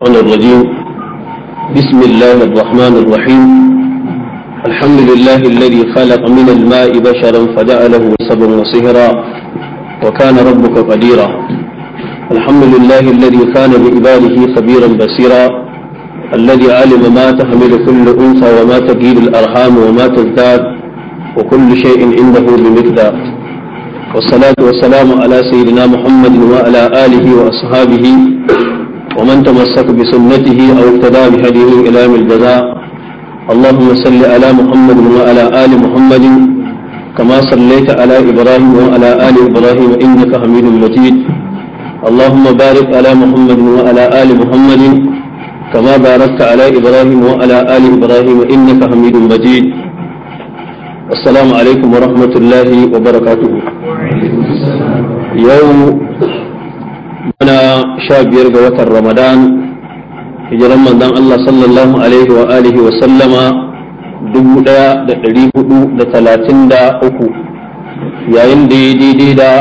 الشيطان الرجيم بسم الله الرحمن الرحيم الحمد لله الذي خلق من الماء بشرا فجعله سبا وصهرا وكان ربك قديرا الحمد لله الذي كان بعباده خبيرا بصيرا الذي علم ما تحمل كل انثى وما تجيب الارحام وما تزداد وكل شيء عنده بمقدار والصلاه والسلام على سيدنا محمد وعلى اله واصحابه ومن تمسك بسنته أو اقتدى بهديه إلى يوم الجزاء اللهم صل على محمد وعلى آل محمد كما صليت على إبراهيم وعلى آل إبراهيم إنك حميد مجيد اللهم بارك على محمد وعلى آل محمد كما باركت على إبراهيم وعلى آل إبراهيم إنك حميد مجيد السلام عليكم ورحمة الله وبركاته يوم muna sha biyar ga watan ramadan hijiran manzon Allah sallallahu alaihi wa alihi wa sallama dubu ɗaya da ɗari hudu da talatin da uku yayin da ya daidai da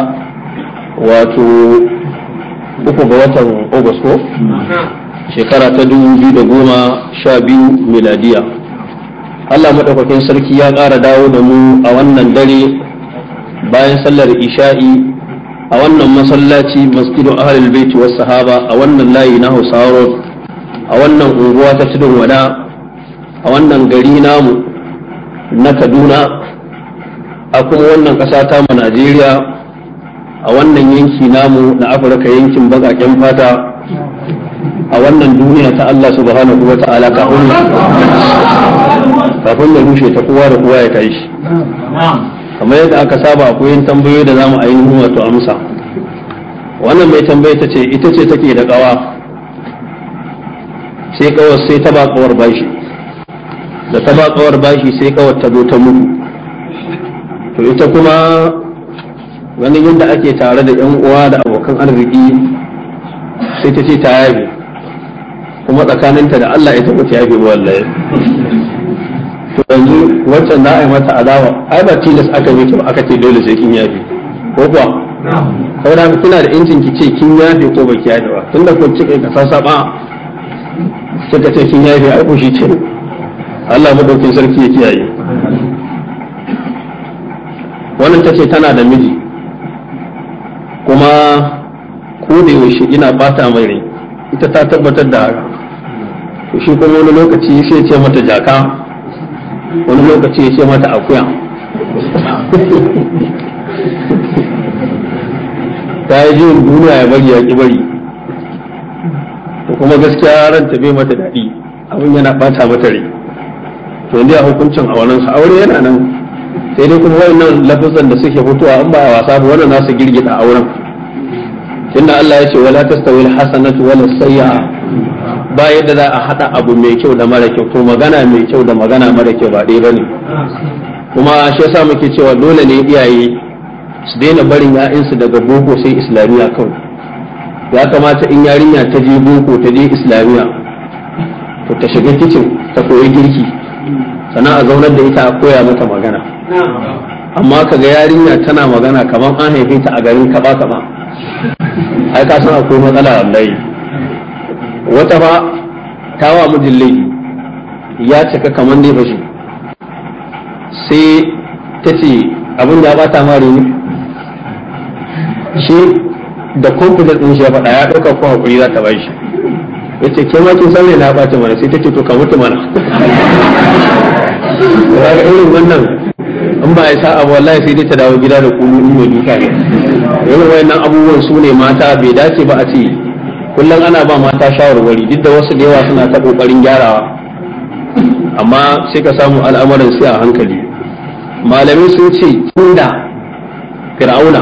wato uku ga watan Agusto ko shekara ta dubu biyu da goma sha biyu miladiya Allah maɗaukakin sarki ya ƙara dawo da mu a wannan dare bayan sallar isha'i a wannan masallaci masjidu ahlul baiti was sahaba a wannan layi na Hausawa a wannan unguwa ta tudun wada a wannan gari namu na Kaduna a kuma wannan kasa ta mu Najeriya a wannan yanki namu na Afirka yankin baƙaƙen fata a wannan duniya ta Allah subhanahu wa ta'ala kafin da rushe ta kowa da kowa ya kai shi kamar yadda aka saba akwai yin tambayoyi da zamu ainihin wato amsa wannan mai tambaye ta ce ita ce take da kawa sai kawar sai ta ba kawar bashi da ta ba kawar bashi sai kawar ta zo ta mutu to ita kuma ganin yadda ake tare da yan uwa da abokan arziki sai ta ce ta yabe kuma tsakaninta da Allah ita ba ta yabe wallahi to yanzu wancan za mata adawa ai ba tilas aka yi kuma aka ce dole sai kin yafe ko kuwa da kina da injin ki ce kin yafe ko ba ki yafe ba tunda ko kika ka sasaba kika ce kin yafe ai ko shi ce Allah madaukin sarki ya kiyaye wannan tace tana da miji kuma ko da yaushe ina bata mai rai ita ta tabbatar da haka shi kuma wani lokaci sai ce mata jaka wani lokaci ya ce mata akuya ta yi jin duniya ya bari ya ki bari kuma gaskiya ran bai mata daɗi abin yana bata mata rai to ne a hukuncin a wannan aure yana nan sai dai kuma wannan lafazan da suke fitowa an ba a wasa ba wannan nasu girgita auren tunda Allah ya ce wala tastawil hasanatu wala sayyi'a ba yadda za a haɗa abu mai kyau da mara kyau ko magana mai kyau da magana mara kyau ba ɗaya bane kuma shi yasa muke cewa dole ne iyaye su daina barin ya'yansu daga boko sai islamiyya kawai ya kamata in yarinya ta je boko ta je islamiyya to ta shiga kicin ta koyi girki sannan a zaunar da ita a koya mata magana amma kaga yarinya tana magana kamar an haife ta a garin kaba kaba ai ka san akwai matsala wallahi wata ba wa mijin laifi ya cika kamar dai bashi sai ta ce abin da ya bata mare ne shi da kofin ɗin shi ya faɗa ya ɗauka ko hakuri za ta bashi Ya ce kema kin sanya na bata mana sai ta ce to kamar mutu mana ga irin wannan in ba ya sa abu wallahi sai dai ta dawo gida da kulun mai duka ne Yau wayannan abubuwan su ne mata bai dace ba a ce kullum ana ba mata shawarwari duk da wasu da yawa suna ta kokarin gyarawa amma sai ka samu al'amarin sai a hankali Malami sun ce tunda fir'auna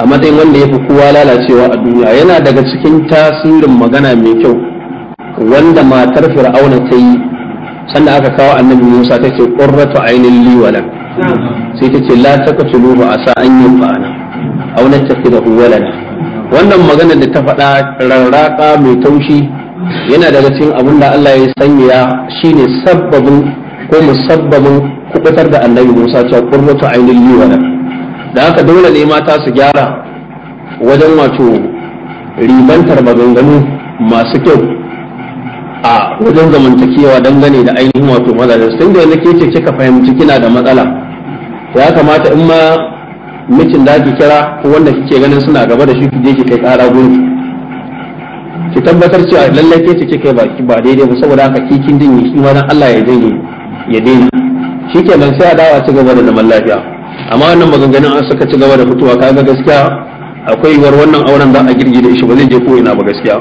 a matsayin wanda ya fi kowa lalacewa a duniya yana daga cikin tasirin magana mai kyau wanda matar fir'auna ta yi sanda aka kawo annabi musa ta ce ƙurratu ainihin liwalan sai ta ce la ta ka ba a sa an yi ba'ana aunar ta fi da huwalana wannan maganar da ta faɗa rarraka mai taushi yana daga cikin abin da Allah ya sanya shine sabbabin ko musabbabin kubutar da annabi Musa ta qurratu ainil yuwan da haka dole ne mata su gyara wajen wato ribantar maganganu masu kyau a wajen zamantakewa dangane da ainihin wato mazajen sun da yanzu ke ce kika fahimci kina da matsala ya kamata in ma mijin da ake kira ko wanda kike ganin suna gaba da shi ki ke ki kai kara gunki ki tabbatar cewa lallai ke ce kai baki ba daidai ba saboda haka ki kin dinye shi dan Allah ya dinye ya daina shikenan sai a dawa ci gaba da zaman lafiya amma wannan maganganun an suka ci gaba da fitowa kaga gaskiya akwai yiwuwar wannan auren za a da shi ba zai je ko ina ba gaskiya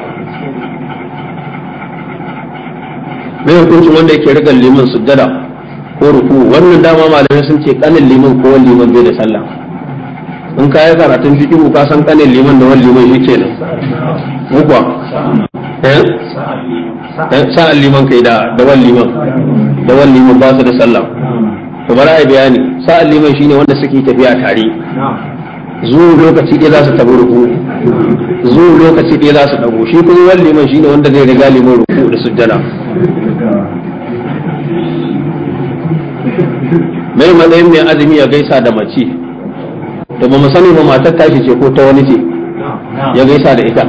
mai hukuncin wanda yake rigar liman sujjada ko ruku wannan dama malamai sun ce kanin liman ko liman bai da sallah in ka yi karatun fikihu ka san kanin liman da wani liman yake nan mukwa eh? eh, sa'an liman kai da da wani liman da wani liman ba su da sallah to bara ai bayani sa'an liman shine wanda suke tafiya tare zuwa lokaci ɗaya za su tabi ruku zuwa lokaci ɗaya za su ɗago shi kuma wani liman shine wanda zai riga liman ruku da sujjada mai matsayin mai azumi ya gaisa da mace da ba mu sani ba matar tashi ce ko ta wani ce ya gaisa da ita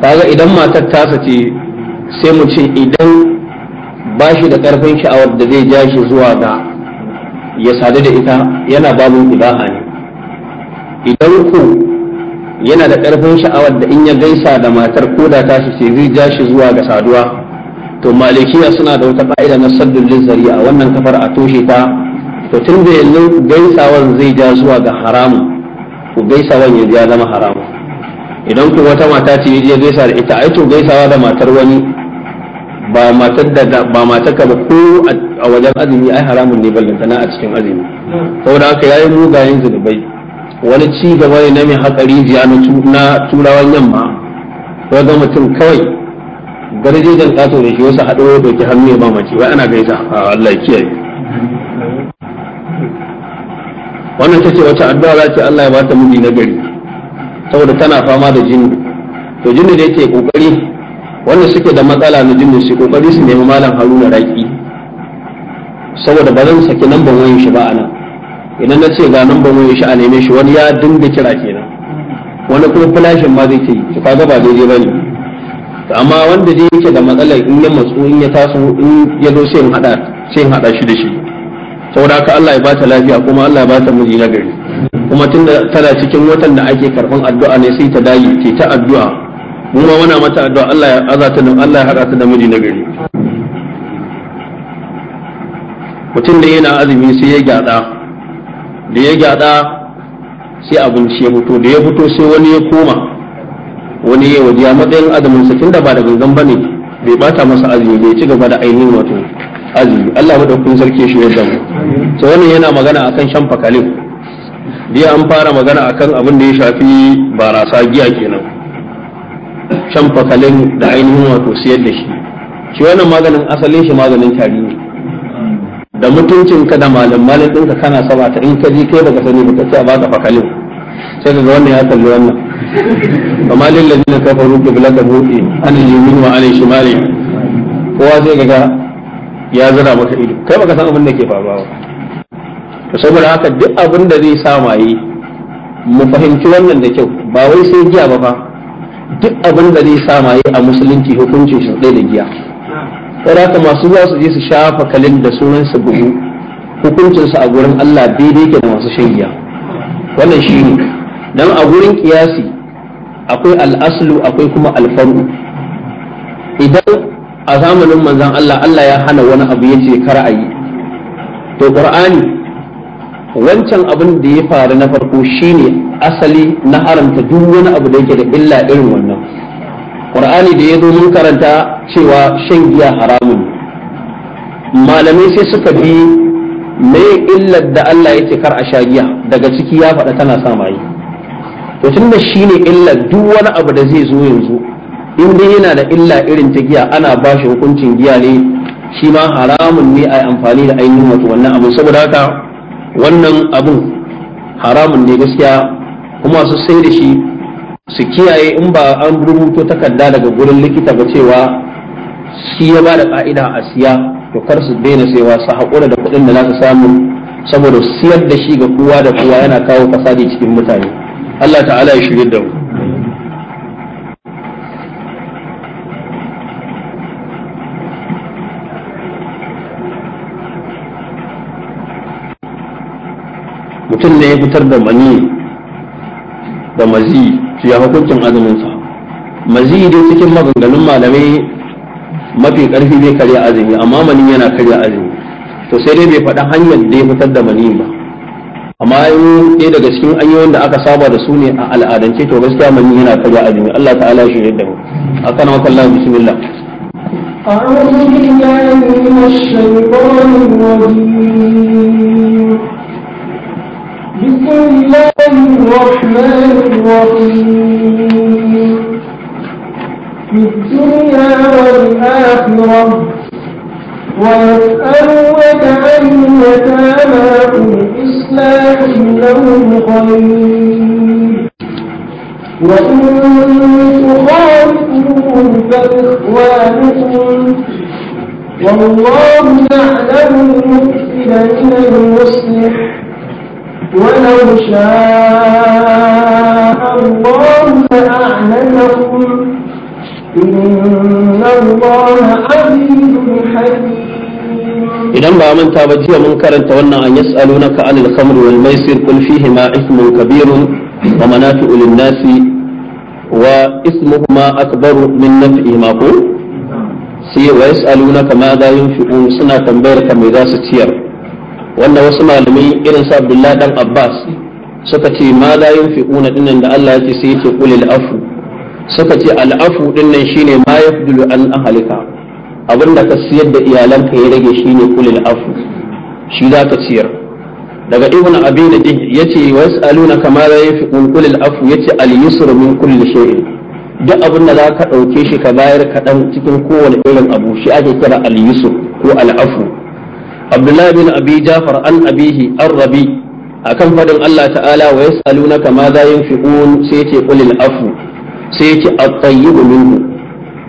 kaga idan matar tasa ce sai mu ce idan ba shi da karfin sha'awar da zai ja shi zuwa ga ya sadu da ita yana babu ibaha ne idan ku yana da karfin sha'awar da in ya gaisa da matar ko da tashi ce zai ja shi zuwa ga saduwa to malikiya suna da wata ka'ida na saddul zari'a wannan kafar a toshe ta to tun da yanzu gaisawar zai ja zuwa ga haramu ko gaisawar ya ja zama haramu. idan ku wata mata ce ya gaisa da ita ai to gaisawa da matar wani ba matar da ba matar ka ba ko a wajen azumi ai haramun ne ballantana a cikin azumi saboda haka yayi mugayen zunubai wani ci gaba ne na mai hatsari jiya na turawan yamma ko ga mutum kawai garjejen kato da shi wasu haɗuwa da ke hannu ya ba mace wai ana gaisa Allah ya kiyaye wannan ta ce wata addu'a za ta Allah ya ba ta miji na gari saboda tana fama da jini to jini da yake kokari wanda suke da matsala na jini su kokari su nemi malam Haruna Raki saboda ba zan saki namban wayan shi ba ana idan na ce ga namban wayan shi a neme shi wani ya dinga kira kenan wani kuma flashin ma zai ce ki kaga ba daidai bane amma wanda dai yake da matsalar in ya matsu in ya taso in ya zo sai in hada sai in hada shi da shi saboda haka Allah ya bata lafiya kuma Allah ya bata miji na gari kuma tunda tana cikin watan da ake karban addu'a ne sai ta dai ke ta addu'a mu ma mata addu'a Allah ya azata da Allah ya haɗa ta da miji na gari mutum da yana azumi sai ya gyada da ya gyada sai abinci ya fito da ya fito sai wani ya koma wani ya waje a matsayin azumin sa tunda ba da gangan bane bai bata masa azumi bai ci gaba da ainihin wato azumi Allah madaukakin sarki shi ya damu to wannan yana magana akan shan fakalin biya an fara magana akan abin da ya shafi barasa giya kenan shan fakalin da ainihin wato siyar da shi shi wannan maganin asalin shi maganin tari ne da ka da malam malam ɗinka kana saba ta in ka ji kai baka sani ba ka ba ka fakalin sai ka ga wannan ya kalli wannan amma lillazina kafaru qiblatahu an al wa an shimali kowa zai ga ya zana masa ido kai baka san abin da ke faruwa ba to saboda haka duk abin da zai sa maye mu fahimci wannan da kyau ba wai sai giya ba fa duk abin da zai sa maye a musulunci hukuncin shi da giya sai haka masu zuwa su je su shafa kalin da sunan su bugu hukuncin su a gurin Allah daidai ke da masu shan giya wannan ne, dan a gurin kiyasi akwai al'aslu akwai kuma alfaru idan a zamanin manzan Allah Allah ya hana wani abu ya ce kar a yi to qur'ani wancan abin da ya faru na farko shine asali na haramta duk wani abu da yake da illa irin wannan qur'ani da ya zo mun karanta cewa shan giya haramun malamai sai suka bi me illar da Allah ya ce kar a sha giya daga ciki ya faɗa tana sa yi. to tunda shine illar duk wani abu da zai zo yanzu in dai yana da illa irin ta giya ana ba shi hukuncin giya ne shi ma haramun ne a amfani da ainihin wato wannan abu saboda haka wannan abun haramun ne gaskiya kuma su sai da shi su kiyaye in ba an rubuto takarda daga gurin likita ba cewa shi ya ba da ka'ida a siya to kar su daina sayawa su haƙura da kuɗin da za su samu saboda siyar da shi ga kowa da kowa yana kawo fasadi cikin mutane Allah ta'ala ya shirye da mu mutum ne ya fitar da mani da mazi su ya hukuncin azuminsa mazi dai cikin maganganun malamai mafi karfi zai karya azumi amma mani yana karya azumi to sai dai bai faɗa hanyar da ya fitar da mani ba amma ɗaya daga cikin hanyoyin da aka saba da su ne a al'adance to gaskiya mani yana karya azumi Allah ta'ala shi yadda mu akan wa kallahu bismillah أعوذ بالله من الشيطان الرجيم بسم الله الرحمن الرحيم في الدنيا والآخرة ويسألون عن يتامى قل لهم خير وإن تخالفوهم فإخوانكم والله يعلم المفسد من المصلح ولو شاء الله لأعلمكم إن الله عزيز حكيم إذا ما من تابجي من كرن تونا أن يسألونك عن الخمر والميسر قل فيهما إثم كبير ومنافع للناس وإثمهما أكبر من نفعهما قل نعم. سي ويسألونك ماذا ينفقون سنة بيرك ماذا ستير wanda wasu malamai irin sa abdullahi dan abbas suka ce ma yin yunfiquna dinnan da Allah ya ce sai yake qulil afu suka ce al'afu dinnan shine ma yafdulu an ahlika da ka siyar da iyalanka ya rage shine qulil afu shi za ka ciyar daga ibn abin da yace wasaluna kama yin yunfiqun qulil afu yace al yusru min kulli shay'in duk abin da za ka ɗauke shi ka bayar kaɗan cikin kowane irin abu shi ake kira al yusru ko al afu abdullahi bin abi jafar an abihi an rabi akan faɗin Allah ta'ala wa yas'alunaka ma za yunfiqun sai yace qulil afu sai yace at-tayyibu minhu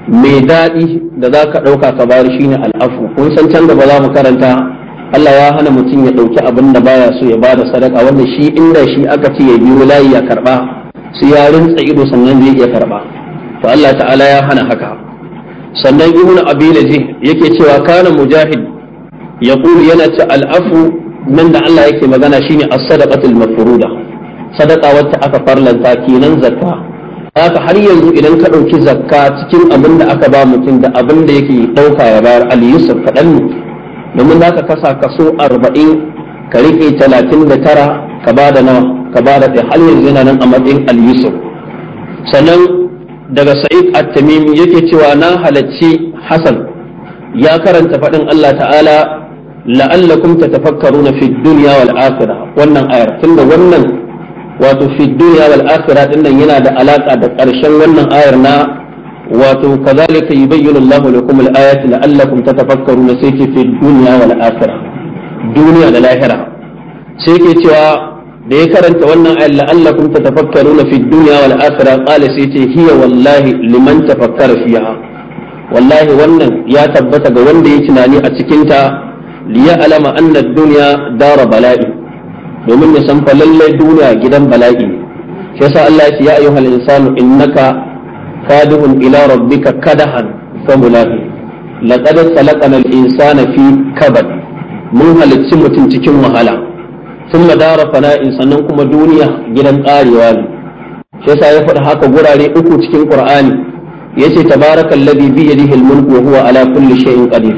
mai daɗi da za ka ɗauka ka bayar shine al'afu kun san can gaba za mu karanta Allah ya hana mutum ya ɗauki abin da baya so ya bada sadaka wanda shi inda shi aka ce ya biyo layi ya karɓa su ya rintsa ido sannan zai iya karɓa to Allah ta'ala ya hana haka sannan ibnu abilajih yake cewa kana mujahid yaqulu yana ce al'afu nan da Allah yake magana shine as-sadaqatul mafruda sadaqa wacce aka farlanta kenan zakka haka har yanzu idan ka ɗauki zakka cikin abin da aka ba mutum da abin da yake ɗauka ya bayar al-yusuf kaɗan ne domin za ka kasa kaso arba'in ka riƙe talatin da tara ka ba da ka ba har yanzu yana nan a matsayin al-yusuf sannan daga sa'id at-tamimi yake cewa na halacci hasan ya karanta faɗin Allah ta'ala la'allakum tatafakkaruna fi dunya wal akhirah wannan ayar tunda wannan wato fi dunya wal akhirah din nan yana da alaka da karshen wannan ayar na wato kazalika yubayyinu Allahu lakum al ayati la'allakum tatafakkaruna sai ke fi dunya wal akhirah duniya da lahira sai ke cewa da ya karanta wannan ayar la'allakum tatafakkaruna fi dunya wal akhirah qala sai ce hiya wallahi liman tafakkara fiha wallahi wannan ya tabbata ga wanda ya tunani a cikinta liya alama anna duniya dara bala'i domin ya san lallai duniya gidan bala'i ne shi yasa Allah ya ce ya ayyuhal insanu innaka kadihun ila rabbika kadahan fa mulaqi laqad khalaqana al-insana fi kabad mun halicci mutum cikin wahala thumma dara in sannan kuma duniya gidan karewa ne shi ya faɗi haka gurare uku cikin Qur'ani yace ta ladhi bi yadihi al-mulku wa huwa ala kulli shay'in qadir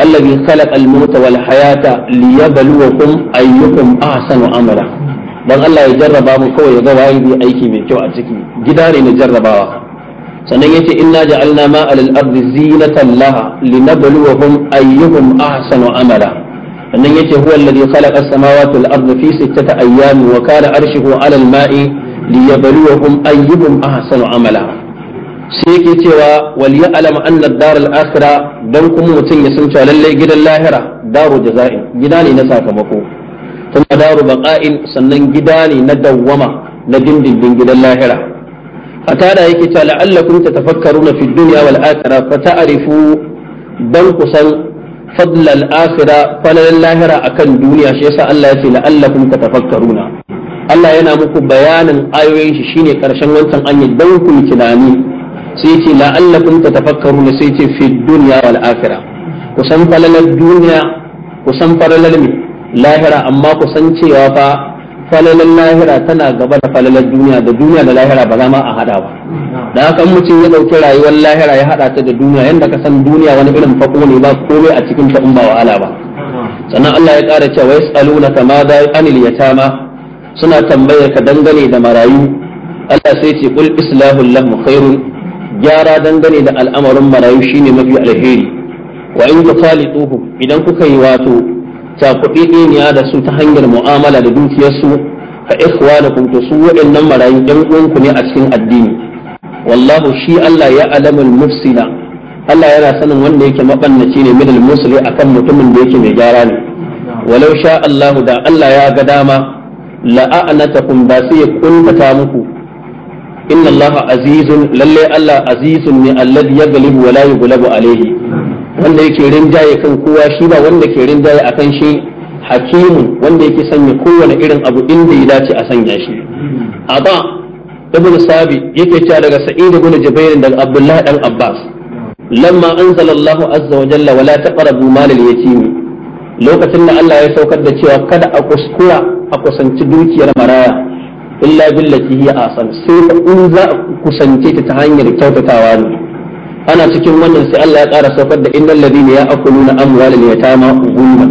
الذي خلق الموت والحياة ليبلوكم أيكم أحسن عملا dan Allah ya jarraba mu kawai ya ga waye zai aiki mai kyau a ciki gida ne na jarrabawa sannan yace inna ja'alna ma alal ardi zinatan laha linabluwahum ayyuhum ahsanu amala sannan yace huwa alladhi khalaqa as-samawati wal ardi fi sittati ayyamin wa kana arshuhu 'ala al-ma'i liyabluwahum ayyuhum ahsanu amala sai yake cewa wal ya'lam anna ad-dar al-akhira dan kuma mutum ya san cewa lalle gidan lahira daru jaza'in gida ne na sakamako kuma daru baqa'in sannan gida ne na dawwama na dindindin gidan lahira atada yake cewa la'allakum tatafakkaruna fi dunya wal akhirah fa ta'rifu dan kusan fadl al-akhirah falal lahira akan duniya shi yasa Allah ya ce la'allakum tatafakkaruna Allah yana muku bayanin ayoyin shi shine karshen wancan anya dan ku tunani sai ce la'allakum tatafakkaruna sai ce fi dunya wal akhirah ku san falalar duniya ku san falalar lahira amma ku san cewa fa falalar lahira tana gaba da falalar duniya da duniya da lahira ba za ma a hada ba da haka mutum ya dauki rayuwar lahira ya hada ta da duniya yanda ka san duniya wani irin fako ne ba komai a cikin ta wa wa'ala ba sannan Allah ya kara cewa yas'aluna kama da anil yatama suna tambayar ka dangane da marayu Allah sai ce kul islahul lahum khairun gyara dangane da al'amarin marayu shine mafi alheri wa in tusalituhu idan kuka yi wato cakuɗi ɗiniya da su ta hanyar mu'amala da dukiyarsu fa ikhwanukum to su waɗannan marayu ɗan uwanku ne a cikin addini wallahu shi Allah ya alamul mufsida Allah yana sanin wanda yake mabannaci ne midal musli akan mutumin da yake mai gyara ne walau sha da Allah ya ga dama la'anatakum ba sai ya kuntata muku inna allaha azizun lalle allah azizun ne ya yaghlibu wa la gulabu alaihi wanda yake rinjaye kan kowa shi ba wanda ke rinjaye kan shi hakimu wanda yake sanya kowane irin abu inda ya dace a sanya shi a ba ibn sabi yake cewa daga sa'id ibn jubair daga abdullah dan abbas lamma anzalallahu allah azza wa jalla wala taqrabu mal al yatim lokacin da allah ya saukar da cewa kada a kuskura a kusanci dukiyar maraya illa billati hiya asan sai in za a kusance ta ta hanyar kyautatawa ne ana cikin wannan sai Allah ya ƙara saukar da innal ladina ya'kuluna amwalal yatama zulman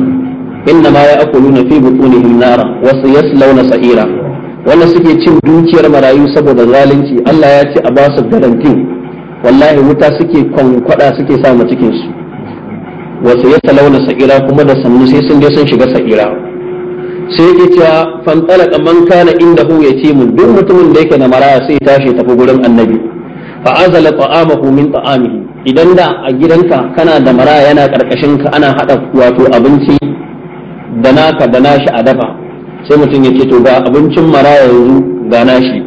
inna ma ya'kuluna fi butunihim nara wa sayaslawna sa'ira wannan suke cin dukiyar marayu saboda zalunci Allah ya ce a ba su garantin wallahi wuta suke kwankwada suke sa cikin su wa sayaslawna sa'ira kuma da sannu sai sun je sun shiga sa'ira sai yake cewa inda hu kana ce mun duk mutumin da yake na maraya sai tashi tafi gurin annabi fa azala ta'amahu min ta'amihi idan da a gidanka kana da maraya yana karkashin ka ana hada wato abinci da naka da nashi a dafa sai mutum yake to ga abincin maraya yanzu ga nashi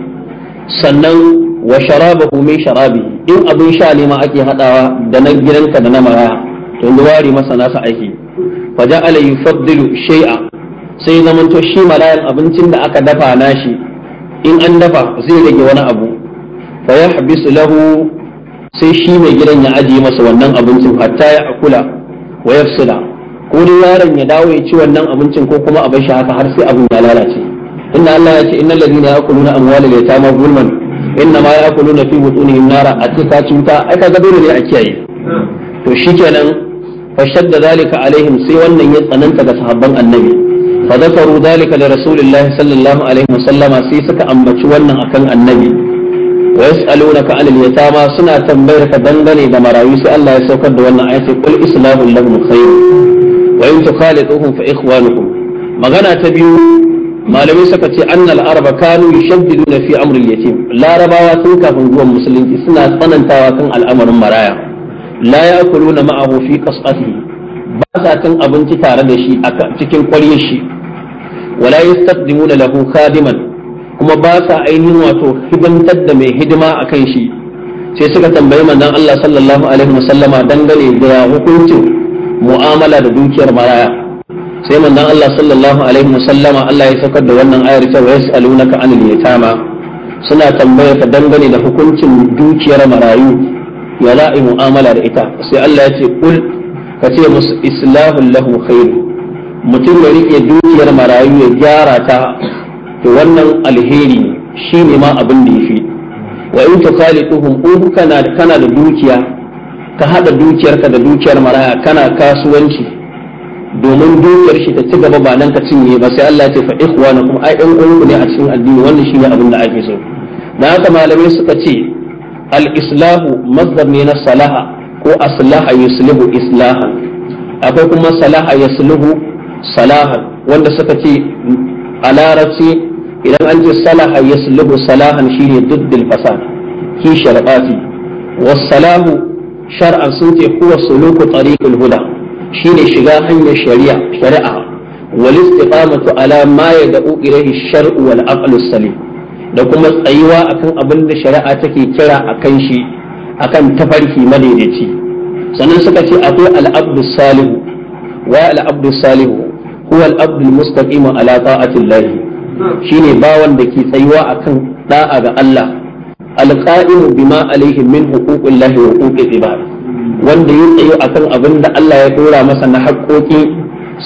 sannan wa sharabahu min sharabi in abin sha ne ma ake hadawa da na gidanka da na maraya to wari masa nasa aiki fa ja'ala yufaddilu shay'a sai zamanto shi malayan abincin da aka dafa nashi in an dafa zai rage wani abu fa ya habisu lahu sai shi mai gidan ya ajiye masa wannan abincin hatta ya akula wa yafsila ko dai yaron ya dawo ya ci wannan abincin ko kuma a bar shi haka har sai abin ya lalace inna Allah ya ce innal ladina ya'kuluna al yatama zulman inna ma ya'kuluna fi butunihim nara a ce cuta ai ka dole ne a kiyaye to shikenan fashadda zalika alaihim sai wannan ya tsananta ga sahabban annabi fa zakaru dalika li rasulillahi sallallahu alaihi wasallama sai suka ambaci wannan akan annabi wa yas'alunaka 'anil yatama suna tambayar ka dangane da marayu sai Allah ya saukar da wannan ayati qul islamul lahum khair wa in tukhaliduhum fa ikhwanukum magana ta biyu malamai suka ce annal araba kanu yushaddiduna fi amri yatim larabawa tun kafin zuwan musulunci suna tsanantawa kan al'amarin maraya la ya'kuluna ma'ahu fi qas'atihi ba sa cin abinci tare da shi a cikin kwaryar shi wala yastaqdimu lahu khadiman kuma ba sa ainihin wato hidantar da mai hidima akan shi sai suka tambayi manzon Allah sallallahu alaihi wasallama dangane da hukuncin mu'amala da dukiyar maraya sai manzon Allah sallallahu alaihi wasallama Allah ya saukar da wannan ayar cewa yas'alunaka anil yatama suna tambayar ka dangane da hukuncin dukiyar marayu ya za'i mu'amala da ita sai Allah ya ce kul ka ce musu islahun lahu khairu mutum ya rike dukiyar marayu ya gyara ta to wannan alheri shi ne ma abin da ya fi wa in tukhalituhum tuhun kana kana da dukiya ka haɗa dukiyarka da dukiyar maraya kana kasuwanci domin dukiyar shi ta ci gaba ba nan ka cinye ba sai Allah ya ce fa ikhwanakum ai ɗan uwanku ne a cikin addini wannan shine abin da ake so da haka malamai suka ce al-islahu masdar ne na salaha ko aslaha yuslihu islahan akwai kuma salaha yasluhu salahan wanda suka ce a larabci idan an ce salaha yasluhu salahan shine duddul fasad ki sharqati wassalahu shar'an sun ce huwa suluku tariqul huda shine shiga hanyar shari'a shari'a wal istiqamatu ala ma yad'u ilayhi shar'u wal aqlu salim da kuma tsayuwa akan abin da shari'a take kira akan shi akan tafarki madaidaici sannan suka ce akwai al'abdu salihu wa al'abdu salihu huwa al'abdu mustaqima ala ta'atillah shine bawan da ke tsayuwa akan da'a ga Allah alqa'imu bima alaihi min huquqillahi wa huquqil ibad wanda ya tsayo akan abin da Allah ya dora masa na haƙƙoƙi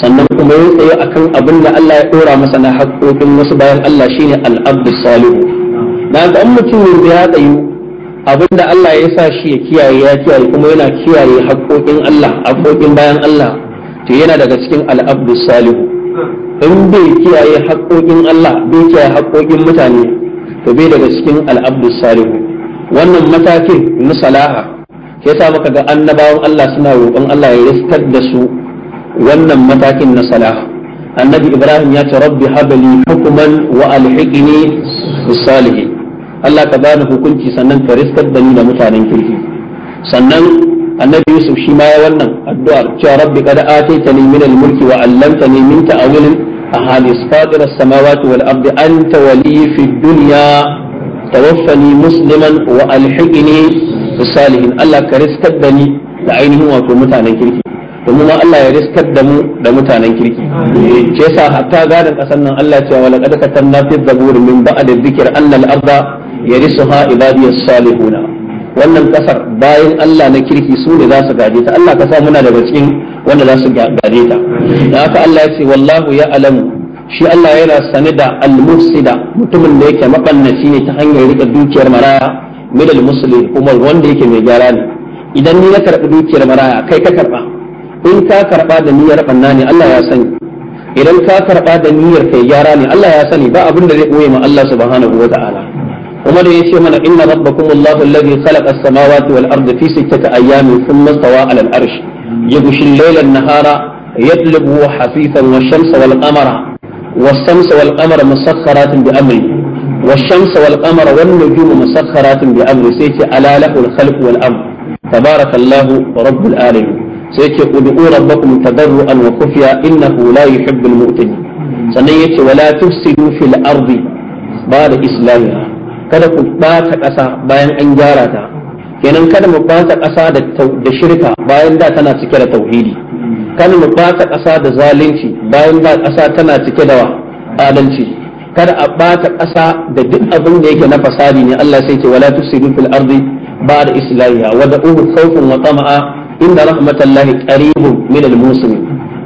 sannan kuma ya tsayo akan abin da Allah ya dora masa na haƙƙoƙin wasu bayan Allah shine al'abdu salihu na ga mutum ya tsayu Abin da Allah ya sa shi ya kiyaye ya kiyaye kuma yana kiyaye haƙoƙin Allah haƙoƙin bayan Allah to yana daga cikin al'abdu salihu in bai kiyaye haƙoƙin Allah bai kiyaye haƙoƙin mutane to bai daga cikin al'abdu salihu wannan matakin na salaha ya sa muka ga annabawan Allah suna roƙon Allah ya riskar da su wannan matakin na salaha annabi ibrahim ya ce rabbi habali hukuman wa alhiqni bis salihin Allah ka bani hukunci sannan ka riskar da ni da mutanen kirki sannan annabi Yusuf shi ma ya wannan addu'a cewa rabbi qad ataitani min al-mulki wa 'allamtani min ta'wil ahadith fatir as-samawati wal ardi anta wali fi dunya tawaffani musliman wa alhiqni bis salihin Allah ka riskar da ni da ainihin wato mutanen kirki domin ma Allah ya riskar da mu da mutanen kirki ke yasa hatta gadon kasan nan Allah cewa wala qad katanna fi zabur min ba'd dhikr anna al-arda yarisuha ibadiyas salihuna wannan kasar bayan Allah na kirki su ne za su gaje ta Allah ka sa muna daga cikin wanda za su gaje ta da haka Allah ya ce wallahu ya alamu shi Allah yana sani da al-mufsida mutumin da yake mabannaci ne ta hanyar rika dukiyar maraya midal muslim kuma wanda yake mai gyara ne idan ni na karɓi dukiyar maraya kai ka karɓa in ka karɓa da niyyar banna ne Allah ya sani idan ka karɓa da niyyar kai gyara ne Allah ya sani ba abin da zai ɓoye ma Allah subhanahu wa ta'ala da ya ce mana inna rabbakum Allahu alladhi khalaqa as-samawati wal arda fi sittati ayyamin thumma stawa 'ala al-arsh yughshi al-layla an-nahara yatlubuhu hasifan wash-shamsa wal-qamara was-shamsa wal-qamara musakhkharatin bi amri wash-shamsa wal-qamara wan-nujumu musakhkharatin bi amri sai ce ala lahu al-khalqu wal-amr tabarakallahu rabbul alamin sai ce ud'u rabbakum tadarruan wa khufiya innahu la yuhibbul mu'tadin sannan yace wala tufsidu fil ardi ba da islamiha kada ku ɓata ƙasa bayan an gyara ta kenan kada mu ɓata ƙasa da shirka bayan da tana cike da tauhidi kada mu ɓata ƙasa da zalunci bayan da ƙasa tana cike da adalci kada a ɓata ƙasa da duk abin da yake na fasadi ne Allah sai ce wala tusidu fil ardi ba'da islahiha wa da'uhu khawfan wa tama'a inna rahmatallahi qaribun min al muslimin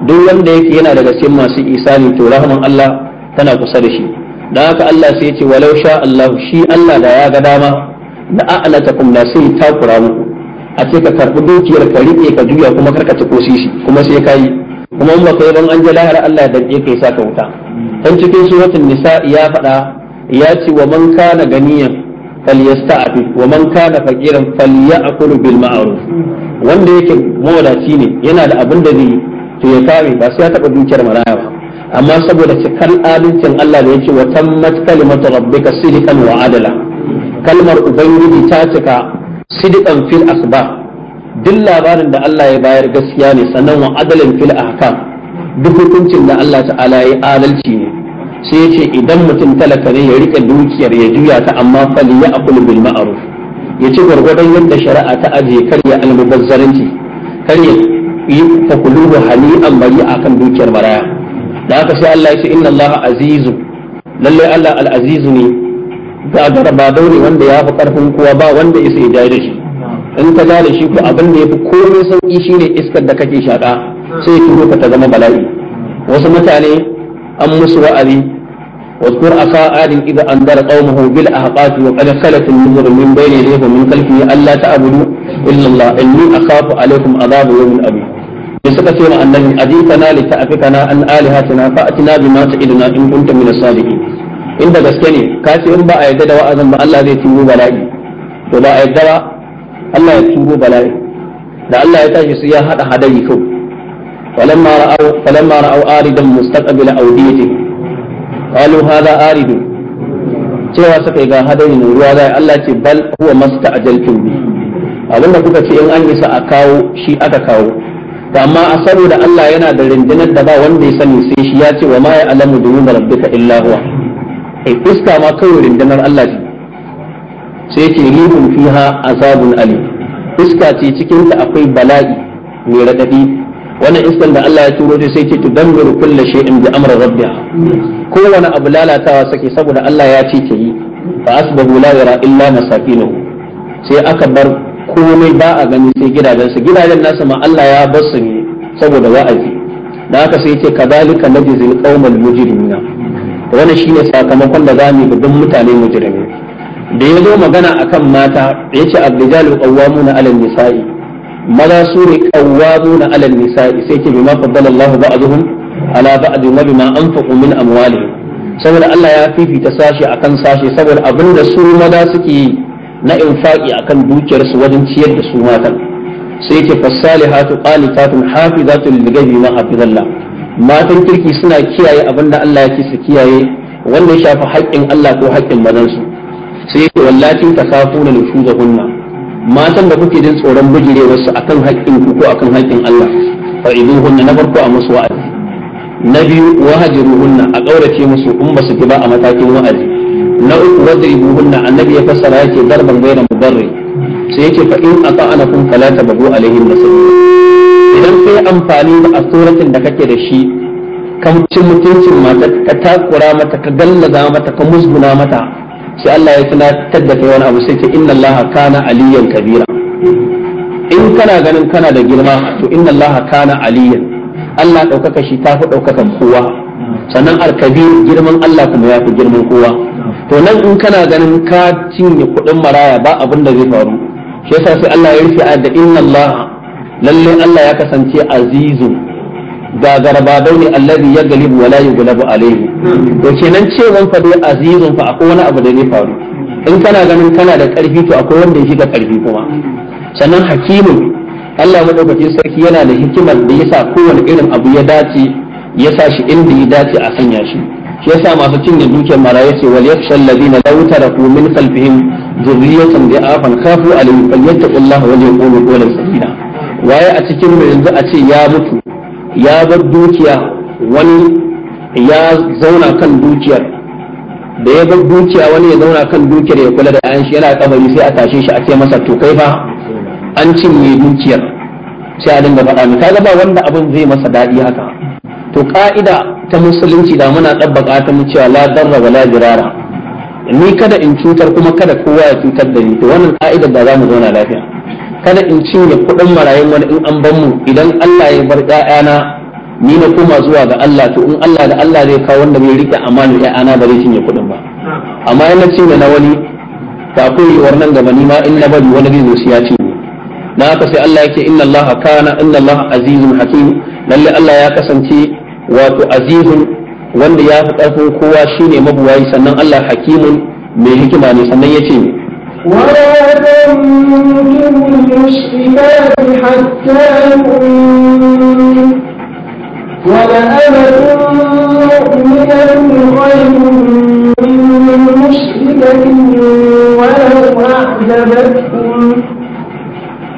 duk wanda yake yana daga cikin masu isani to rahman Allah tana kusa da shi da haka Allah sai ya ce walau sha Allah shi Allah da ya ga dama da a'latakum la sai takura muku a ce ka karbi dukiyar ka rike ka juya kuma karka ci shi kuma sai ka yi kuma in baka yi ban an ji lahar Allah da ke kai saka wuta dan cikin suratul nisa ya faɗa ya ce wa man kana ganiyan falyasta'fi wa man kana faqiran falyakul bil ma'ruf wanda yake mawadaci ne yana da abin da zai to ya kame ba sai ya taba dukiyar maraya ba amma saboda cikar adalcin Allah da yake wa tammat kalimatu rabbika sidqan wa adala kalmar ubangiji ta cika sidqan fil asba duk labarin da Allah ya bayar gaskiya ne sannan wa adalan fil ahkam duk hukuncin da Allah ta'ala ya adalci ne sai ya ce idan mutum talaka ne ya rike dukiyar ya juya ta amma fal ya akul bil ma'ruf ya ci gwargwadon yadda shari'a ta ajiye karya almubazzaranci karya yi fakuluhu hali an bari akan dukiyar maraya da haka sai Allah ya ce inna Allah azizu lallai Allah al-azizu ne ga garba daure wanda ya fi karfin kowa ba wanda isa ya ja da shi in ka ja da shi ko abin da ya fi komai sauki shine iskar da kake shaka sai turo ka ta zama bala'i wasu mutane an musu wa'azi واذكر أخا آد إذا أنذر قومه بالأحقاف وقد خلت النذر من بين يديه ومن خلفه ألا تعبدوا إلا الله إني أخاف عليكم عذاب يوم أبي da suka ce wa annabi ajitana li ta'fikana an alihatina fa atina bima ta'iduna in kuntum min as-sadiqin inda gaske ne ka ce in ba a yadda da wa'azin ba Allah zai tubo bala'i to ba a yadda ba Allah ya tubo bala'i da Allah ya tashi su ya hada hadari ko falamma ra'aw falamma ra'aw aridan mustaqbila awdiyatihim qalu hadha aridun cewa suka ga hadari ne ruwa zai Allah ce bal huwa masta'jaltum bi abinda kuka ce in an isa a kawo shi aka kawo to amma a saboda Allah yana da rindinar da ba wanda ya sani sai shi ya ce wa ma ya alamu dunuba rabbika illa huwa ai fuska ma kawai rindinar Allah ce sai ce rihun fiha azabun Ali. fuska ce cikin ta akwai bala'i mai radadi wannan iskan da Allah ya turo ta sai ce tudammiru kulle shay'in bi amri rabbiha kowane abu lalatawa sake saboda Allah ya ce ta yi fa asbahu la yara illa masakinuhu sai aka bar komai ba a gani sai gidajensu gidajen nasu ma Allah ya bar su ne saboda wa'azi da haka sai yace kadalika najzil qaumal mujrimina wannan shine sakamakon da zamu ga duk mutane mujrimi da ya zo magana akan mata yace abdijalu qawwamuna 'ala nisa'i maza su ne qawwamuna 'ala nisa'i sai ce bima faddala Allahu ba'dhum 'ala ba'd wa bima anfaqu min amwalihim saboda Allah ya fifita sashi akan sashi saboda abinda su maza suke yi na infaki akan dukiyarsu wajen ciyar da su matan sai yake fasalihatu qanitatun hafizatun ligabi ma hafizallah matan kirki suna kiyaye abin da Allah ke su kiyaye wannan shafi haƙƙin Allah ko haƙƙin madansu sai yake wallatin takafuna hunna matan da kuke jin tsoron bijirewarsu akan haƙƙin ku ko akan haƙƙin Allah fa hunna na farko a musu wa'azi na biyu wahajiruhunna a ƙaurace musu in ba su ba a matakin wa'azi na uku hunna annabi ya fassara yake darban gaira mudarri sai yake fa in ata'anakum fala tabu alaihim nasab idan kai amfani da asuratin da kake da shi kan ci mutuncin mata ka takura mata ka gallaza mata ka musguna mata sai Allah ya tunatar da kai wani abu sai ce inna Allah kana aliyan kabira in kana ganin kana da girma to inna Allah kana aliyan Allah ɗaukaka shi ta fi kowa sannan alkabir girman Allah kuma ya fi girman kowa to nan in kana ganin ka cinye kuɗin maraya ba abin da zai faru shi yasa sai Allah ya rufe a da inna Allah lalle Allah ya kasance azizu ga garbadau ne allazi ya galibu wala yughlabu alayhi to kenan cewan fa dai azizun fa akwai wani abu da zai faru in kana ganin kana da karfi to akwai wanda ya shiga karfi kuma sannan hakimin Allah madaukakin sarki yana da hikimar da yasa kowane irin abu ya dace ya shi inda ya dace a sanya shi shi yasa masu cinye dukiyar marayu ce wal yakhshal ladina law taraku min khalfihim dhurriyatan da'afan khafu alayhim falyattaqullaha wal yaqulu qawlan sadida waye a cikin mu yanzu a ce ya mutu ya bar dukiya wani ya zauna kan dukiyar da ya bar dukiya wani ya zauna kan dukiyar ya kula da ayan shi yana kabari sai a tashe shi a ce masa to kai fa an cinye dukiyar sai a dinga faɗa ni kaga ba wanda abin zai masa daɗi haka to ka'ida ta musulunci da muna ɗabbaka ta mu cewa la darra wala dirara ni kada in cutar kuma kada kowa ya cutar da ni to wannan ka'ida da za mu zauna lafiya kada in cinye kuɗin marayun wani in an ban mu idan Allah ya bar ƴaƴana ni na koma zuwa ga Allah to in Allah da Allah zai kawo wanda bai rike amanar ƴaƴana ba zai cinye kuɗin ba amma yana cinye na wani ta koyi wannan gaba ni ma in na bari wani zai zo siya cinye na haka sai Allah yake inna Allah kana inna Allah azizun hakim lalle Allah ya kasance wato azizun wanda ya fi ƙarfin kowa shine mabuwayi sannan Allah hakimun mai hikima ne sannan ya ce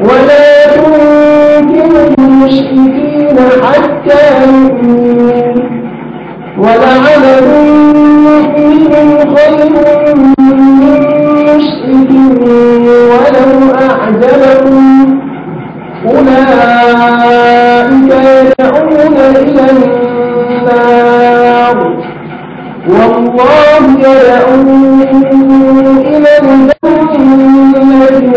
ولا تنكروا المشركين حتى يؤمنوا ولعمل مؤمن خير من مشرك ولو أعجبهم أولئك يدعون إلى النار والله يدعو إلى الجنة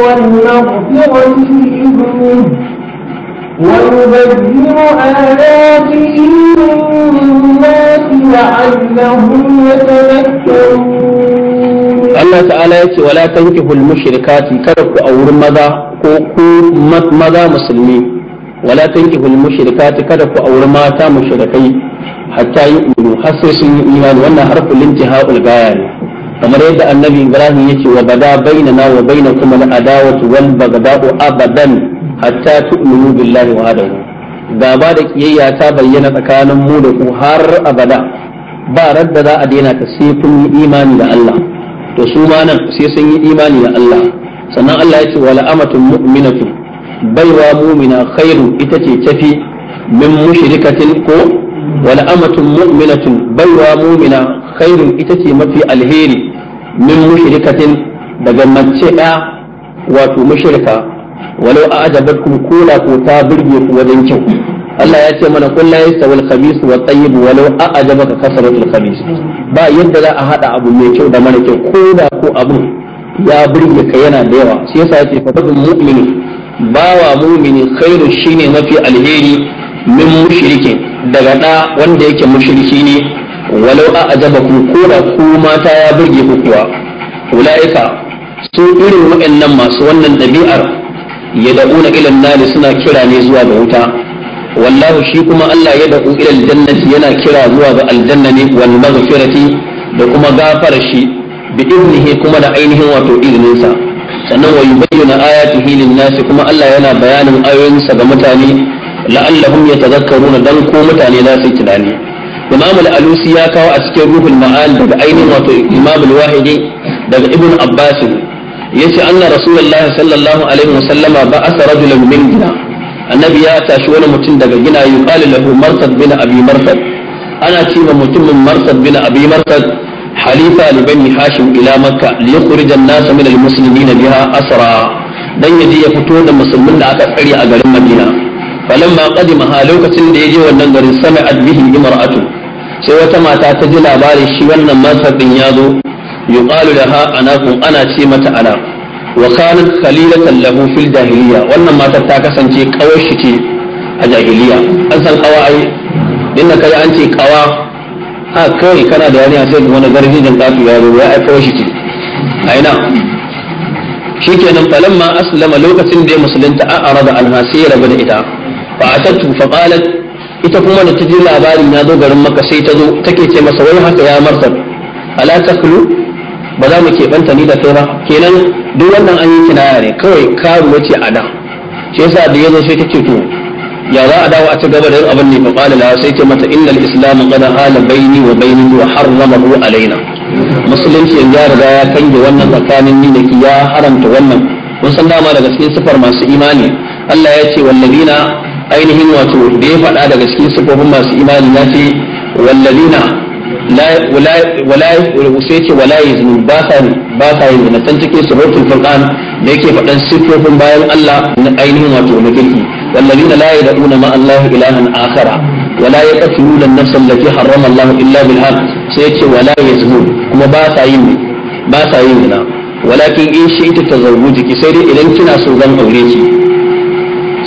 والمغفرة بإذنه ويبين آياته للناس لعلهم يتذكرون الله تعالى يقول ولا تنكحوا المشركات كرهوا أو ماذا ko maza musulmi wala tankihul mushrikati kada ku auri mata mushrikai hatta yi ulu har sai sun yi imani wannan harfin intihaul gaya ne kamar yadda annabi ibrahim yace wa bada bainana wa bainakum al adawatu wal baghdau abadan hatta tu'minu billahi wahdahu gaba da kiyayya ta bayyana tsakanin mu da ku har abada ba radda za a daina ta sai kun yi imani da Allah to su ma nan sai sun yi imani da Allah sannan Allah ya ce wala amatun mu'minatu baiwa mu'mina khairu ita ce tafi min mushrikatin ko wala amatun mu'minatun baiwa mu'mina khairu ita ce mafi alheri min mushrikatin daga mace ɗaya wato mushrika walau a'jabatkum kula ko ta burge ku wajen kyau Allah ya ce mana kullu yastawi al-khabith wa tayyib walau a'jabaka kasratul khabith ba yadda za a haɗa abu mai kyau da mana kyau ko da ko abu ya burge ka yana da yawa shi yasa yace fa fadul mu'mini bawa mu'mini khairu mafi alheri min mushrikin daga da wanda yake mushriki ne walau a'jabakum ko da ku mata ya burge ku kuwa ulaika su irin waɗannan masu wannan ɗabi'ar yad'una na an-nar suna kira ne zuwa ga wuta wallahu shi kuma Allah ya da'u ila jannati yana kira zuwa ga aljanna ne wal maghfirati da kuma gafara shi bi idnihi kuma da ainihin wato izininsa sannan wa yubayyana ayatihi lin-nasi kuma Allah yana bayanin ayoyinsa ga mutane la'allahum yatadhakkaruna dan ko mutane za su tunani imam al-alusi ya kawo a cikin ruhul ma'al daga ainihin wato imam al-wahidi daga ibn abbas yace anna rasulullahi sallallahu alaihi wasallama ba asa rajulan min gina annabi ya tashi wani mutum daga gina yuqalu lahu martad bin abi martad. ana ce ma mutumin martad bin abi martad. halifa li bani hashim ila makka li yukhrij an-nas min al-muslimin biha asra dan yaje ya fito da musulmin da aka tsare a garin madina falamma qadima ha lokacin da yaje wannan garin sami'at bihi imra'atu sai wata mata ta ji labarin shi wannan marsad din ya zo yuqalu laha anaqu ana ce mata ana wa kanat khalilatan lahu fil jahiliya wannan matar ta kasance kawar shi ce a jahiliya an san kawa ai inda kai an ce kawa ha kawai kana da yarinya sai wani garjin jin kafi ya zo ya kawar shi ce a ina shikenan falamma aslama lokacin da ya musulunta a arada anha sai ya rabu da ita fa atatu fa qalat ita kuma da ta ji labarin ya zo garin maka sai ta zo take ce masa wai haka ya martar ala taklu ba za mu kebanta ni da kai ba kenan duk wannan an yi kinaya ne kawai karuwa ce a da shi yasa da ya zo sai take to ya za a dawo a ci gaba da yin abin ne fa qala la sai ta mata innal islamu qad hala baini wa bainiki wa harramahu alaina musulunci yanzu ya riga ya kange wannan tsakanin ni da ki ya haramta wannan mun san dama daga cikin sifar masu imani Allah ya ce wallazina ainihin wato da ya faɗa daga cikin sifofin masu imani ya ce sai ce wala yi zini ba sa ba sa yin zina can cikin suratul furqan da yake faɗan sifofin bayan Allah na ainihin wato na kirki wallazina la yad'una ma Allah ilahan akhara wala ya yaqtuluna an-nafs allati harrama Allah illa bil haqq sai ce wala yaznun kuma ba sa yin ba sa yin zina walakin in shi ta tazawwuji jiki, sai dai idan kina so zan aure ki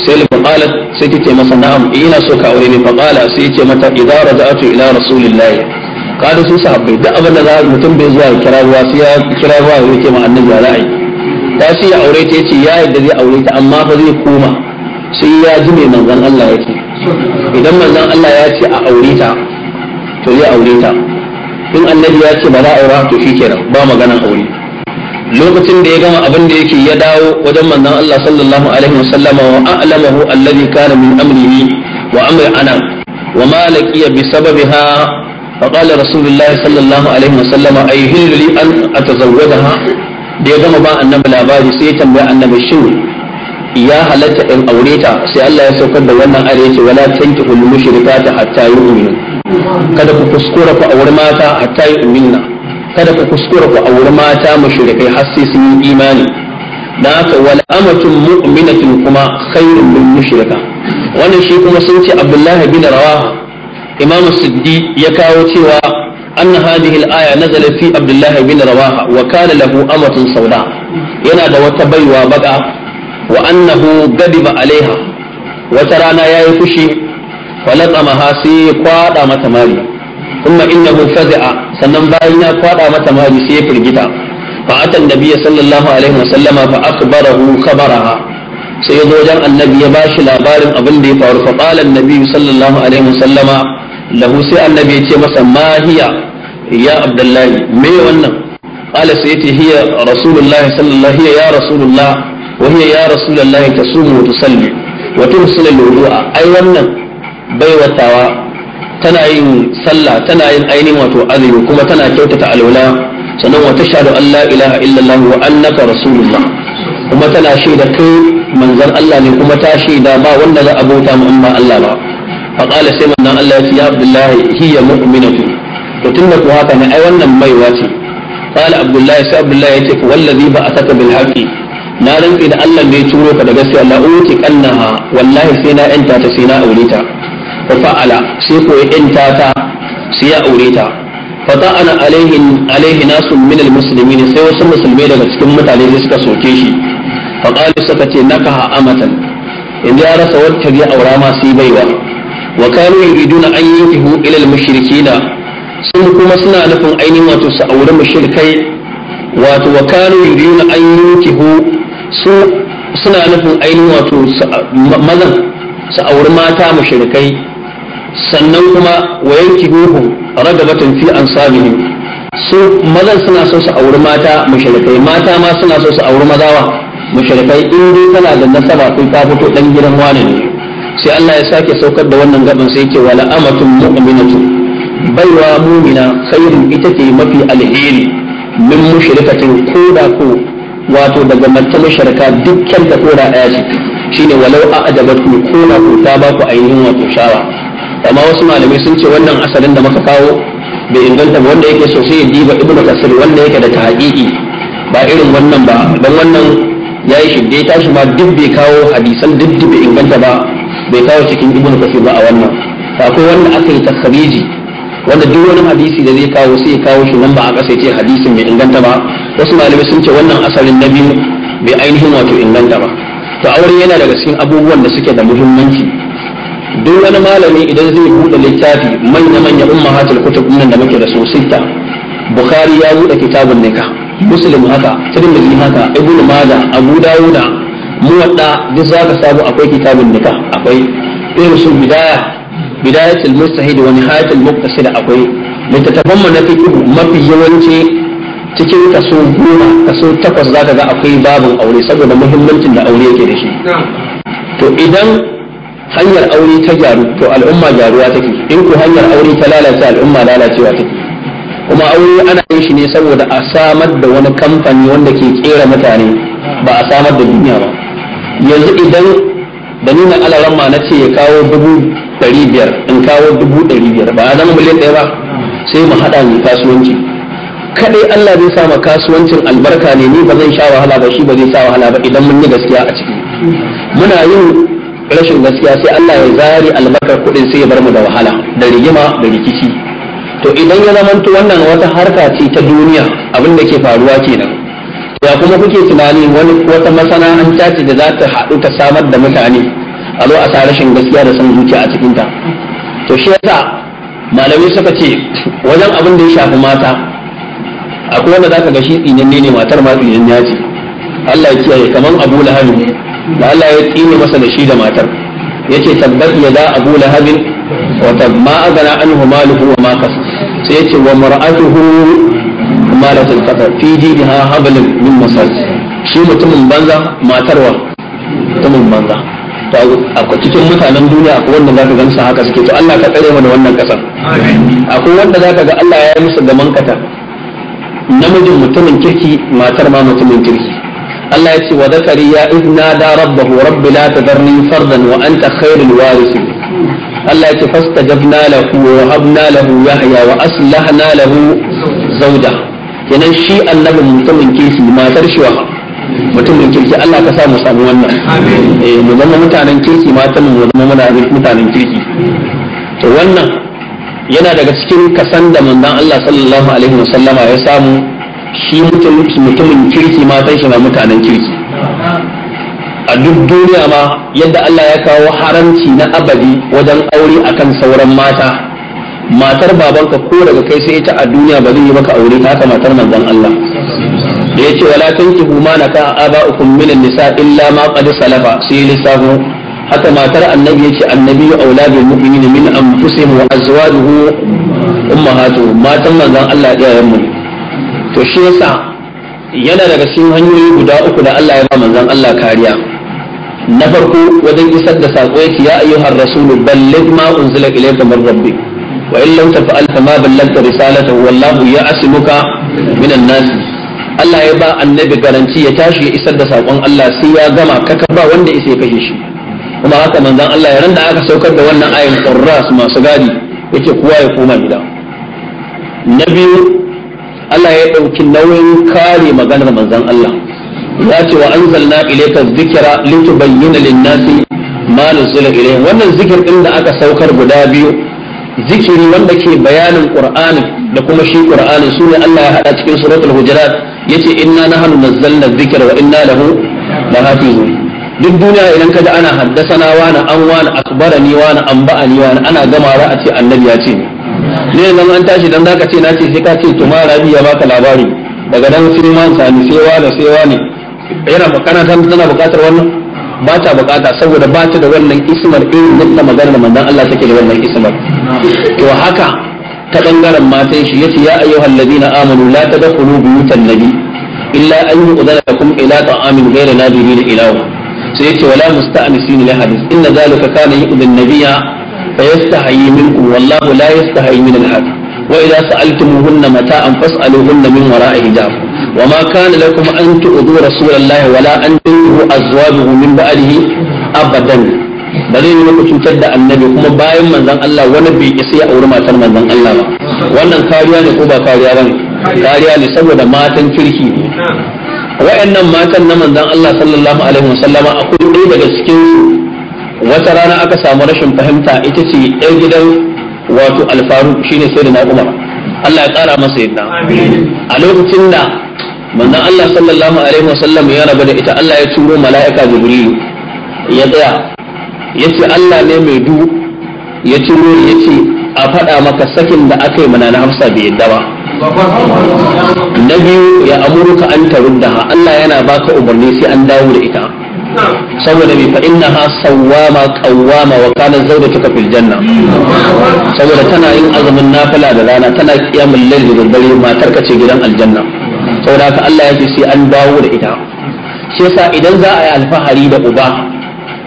sai ta qalat sai ta ce masa na'am ina so ka aure ni fa qala sai ce mata idza raja'tu ila rasulillahi kada su sahabbai duk abin da za a mutum bai zuwa kira ruwa sai ya kira ruwa ya yake ma annabi ya ra'ayi ta sai ya aure ta yace ya yadda zai aure ta amma ba zai koma sai ya ji mai manzon Allah yake idan manzon Allah ya ce a aure ta to zai aure ta in annabi ya ce ba za a aura to shikenan ba maganan aure lokacin da ya gama abin da yake ya dawo wajen manzon Allah sallallahu alaihi wasallama wa a'lamahu alladhi kana min amrihi wa amri ana wa ma laqiya bi sababiha فقال رسول الله صلى الله عليه وسلم أي هل لي أن أتزوجها da ya gama ba annabi labari sai ya tambaya annabi shin ya halatta in aure ta sai Allah ya saukar da wannan are yace wala tankihul mushrikata hatta yu'minu kada ku kuskura ku auri mata hatta yu'minna kada ku kuskura ku auri mata mushrikai har sai sun yi imani dan haka wal amatun mu'minatin kuma khairun min mushrika wannan shi kuma sun ce Abdullahi bin Rawaha imam siddi ya kawo cewa anna hadhihi al-aya nazala fi abdullah bin rawaha wa lahu amatun yana da wata baiwa baka wa annahu gadiba alaiha wata rana yayi fushi falatamaha sai ya kwada mata mari kuma innahu fazi'a sannan bayan ya kwada mata mari sai ya firgita fa atan nabiyyi sallallahu alaihi wasallama fa akhbarahu khabaraha sai ya zo wajen annabi ya ba shi labarin abin da ya faru fa qala Nabiyu sallallahu alaihi wasallama lahu sai annabi ya ce masa mahiya ya abdullahi me wannan qala sai yace hiya rasulullahi sallallahu alaihi ya rasulullah wa hiya ya rasulullahi tasumu wa tusalli wa tusil al-wudu'a ai wannan baiwatawa tana yin sallah tana yin ainihin wato azumi kuma tana kyautata alwala sannan wa tashhadu an la ilaha illallah wa annaka rasulullah kuma tana shaida kai manzon Allah ne kuma ta shaida ba wanda za a bauta mu amma Allah ba faƙala sai manzon Allah ya ce ya Abdullahi hiya mu'minatu to tunda haka ne ai wannan maiwa ce qala Abdullahi sai Abdullahi ya ce wallazi ba a taka haqi na rantsi da Allah ne ya turo ka da gaskiya la uti kannaha sai na yanta sai na aure ta fa fa'ala sai ko ya yanta sai ya aure ta فطعن عليه عليه ناس sai wasu Musulmi daga cikin mutane sai suka soke shi fa qalu suka ce nakaha amatan in ya rasa wacce zai aura ma sai baiwa wa kanu yuriduna an yankihu ila al-mushrikina sun kuma suna nufin ainihin wato su aure mushrikai wato wa kanu yuriduna an yankihu su suna nufin ainihin wato mazan su aure mata mushrikai sannan kuma wa yankihuhum ragabatan fi sabihin su mazan suna so su aure mata mushrikai mata ma suna so su aure mazawa mushrikai in dai kana da nasaba kai ka fito dan gidan wani ne sai Allah ya sake saukar da wannan gaban sai yake wala amatun mu'minatu baiwa mu'mina khairun ita ce mafi alheri min mushrikatin koda ko wato daga mace mushrika dukkan da kora daya ce shine walau a ajabatu ko ta ba ku ainihin wato shawa amma wasu malamai sun ce wannan asalin da muka kawo bai inganta ba wanda yake so sai ya diba ibnu kasir wanda yake da tahqiqi ba irin wannan ba dan wannan yayi yi dai tashi shi ma duk bai kawo hadisan duk bai inganta ba bai kawo cikin ibnu kasir ba a wannan akwai wanda aka yi takhariji wanda duk wani hadisi da zai kawo sai ya kawo shi nan ba a kasa ce hadisin mai inganta ba wasu malamai sun ce wannan asalin na biyu bai ainihin wato inganta ba to aure yana daga cikin abubuwan da suke da muhimmanci duk wani malami idan zai buɗe littafi manya-manya ummahatul kutub nan da muke da su sita bukhari ya bude kitabun nikah muslim haka tirmidhi haka ibnu maza abu dawuda muwadda duk za ka samu akwai kitabun nikah akwai irin su bidaya bidayatul mustahid wa nihayatul muqtasid akwai littattafan mu na fiqh mafi yawanci cikin kaso goma kaso takwas za ka ga akwai babin aure saboda muhimmancin da aure yake da shi to idan hanyar aure ta gyaru to al'umma gyaruwa take in ko hanyar aure ta lalace al'umma lalacewa take kuma aure ana yin shi ne saboda a samar da wani kamfani wanda ke kera mutane ba a samar da duniya ba yanzu idan da nuna alaran ma na ce ya kawo dubu ɗari biyar in kawo dubu ɗari biyar ba a zama miliyan ɗaya ba sai mu haɗa mu kasuwanci kadai Allah zai sa ma kasuwancin albarka ne ni ba zan sha wahala ba shi ba zai sa wahala ba idan mun yi gaskiya a ciki muna yin rashin gaskiya sai Allah ya zari albarkar kuɗin sai ya bar mu da wahala da rigima da rikici to idan ya zamanto wannan wata harka ce ta duniya abin da ke faruwa kenan ya kuma kuke tunani wani wata masana'anta ce da za ta haɗu ta samar da mutane a zo a sa rashin gaskiya da san zuciya a cikinta to shi yasa malamai suka ce wajen abin da ya shafi mata akwai wanda zaka ga shi tsinanne ne matar ma tsinanne ce Allah ya kiyaye kaman Abu Lahab da Allah ya tsine masa da shi da matar yace tabbat ya da Abu Lahab wa tab ma agana anhu maluhu wa ma kasab sai yace wa mar'atuhu حمالة القطر في جيدها حبل من مساج شو mutumin banza matarwa mutumin banza a cikin mutanen duniya akwai wanda zaka gan su haka suke to Allah ka tsare mu da wannan kasar akwai wanda zaka ga Allah ya yi musu gaman kata namijin mutumin kirki matar ma mutumin kirki Allah ya ce wa zakariya iz nada rabbahu rabbi la tadarni fardan wa anta khairul warisin Allah ya ce fastajabna lahu wa habna lahu yahya wa aslahna lahu zawja kenan shi annabin mutumin kirki matar shi wa mutumin kirki Allah ka sa mu samu wannan eh mu zama mutanen kirki matan mu zama muna mutanen kirki to wannan yana daga cikin kasan da manzon Allah sallallahu alaihi wasallama ya samu shi mutumin kirki matan shi na mutanen kirki a duk duniya ma yadda Allah ya kawo haramci na abadi wajen aure akan sauran mata matar babanka ko daga kai sai ita a duniya ba zai yi maka aure haka matar manzon Allah da yace wala tankihu ma naka aba'ukum min nisa illa ma qad salafa sai lissafu haka matar annabi yace annabi auladul mu'minin min anfusihim wa azwajuhu ummahatuhum matan manzon Allah iyayen mu to shi yasa yana daga cikin hanyoyi guda uku da Allah ya ba manzon Allah kariya na farko wajen isar da sako yake ya ayyuhar rasulu balligh ma unzila ilayka min rabbik wa in lam taf'al fa ma ballagta risalatahu wallahu ya'simuka minan Allah ya ba annabi garanci ya tashi ya isar da sakon Allah sai ya gama kaka ba wanda ya kashe shi kuma haka manzon Allah ya randa aka saukar da wannan ayin qurras masu gadi yace kowa ya koma gida na biyu Allah ya ɗauki nauyin kare maganar manzon Allah ya ce wa anzalna ilayka dhikra litubayyana lin-nasi ma nuzila ilayhim wannan zikir din da aka saukar guda biyu zikiri wanda ke bayanin qur'anin da kuma shi su sune Allah ya hada cikin suratul hujurat yace inna nahnu nazzalna dhikra wa inna lahu lahafizun duk duniya idan kaji ana haddasana wani an wani akbarani wani an ba'ani wani ana gamawa a ce annabi ya ce ne yanzu an tashi dan zaka ce na ce sai ka ce to ma rabi ya baka labari daga dan sai man sani sai wani sai wani yana kana tana bukatar wannan ba ta bukata saboda ba ta da wannan ismar irin yadda maganar manzon Allah take da wannan ismar to haka ta bangaren matan shi yace ya ayyuhal ladina amanu la tadkhulu buyutan nabi illa an yu'dana lakum ila ta'amin ghayra nadirin ilahu sai yace wala musta'nisin li hadith inna zalika kana yu'dhi an-nabiyya fayastahi minkum wallahu la yastahi min al-haq wa idza sa'altumuhunna mata'an fas'aluhunna min wara'i hijab وما كان لكم أن تؤذوا رسول الله ولا أن تنكحوا أزواجه من بعده أبدا بل إنكم تمتد النبي كما باين من ذن الله ونبي إسيا أو رما تر من ذن الله wannan kariya ne ko ba kariya bane kariya ne saboda matan kirki wayannan matan na manzon Allah sallallahu alaihi wasallama akwai ɗaya daga cikin wata rana aka samu rashin fahimta ita ce yar gidan wato alfaru shine sai da Umar Allah ya kara masa yadda a lokacin da manzon Allah sallallahu alaihi wasallam ya rabu da ita Allah ya turo mala'ika Jibril ya tsaya yace Allah ne mai du ya turo yace a faɗa maka sakin da aka yi mana na Hafsa bai yadda ba na biyu ya amurka an taruddaha Allah yana baka umarni sai an dawo da ita saboda mai fa'in ha sawama kawama wa kana zauda fil janna saboda tana yin azumin nafila da rana tana kiyamun lail da daddare matar ka ce gidan aljanna saboda ka Allah ya ce sai an dawo da ita shi yasa idan za a yi alfahari da uba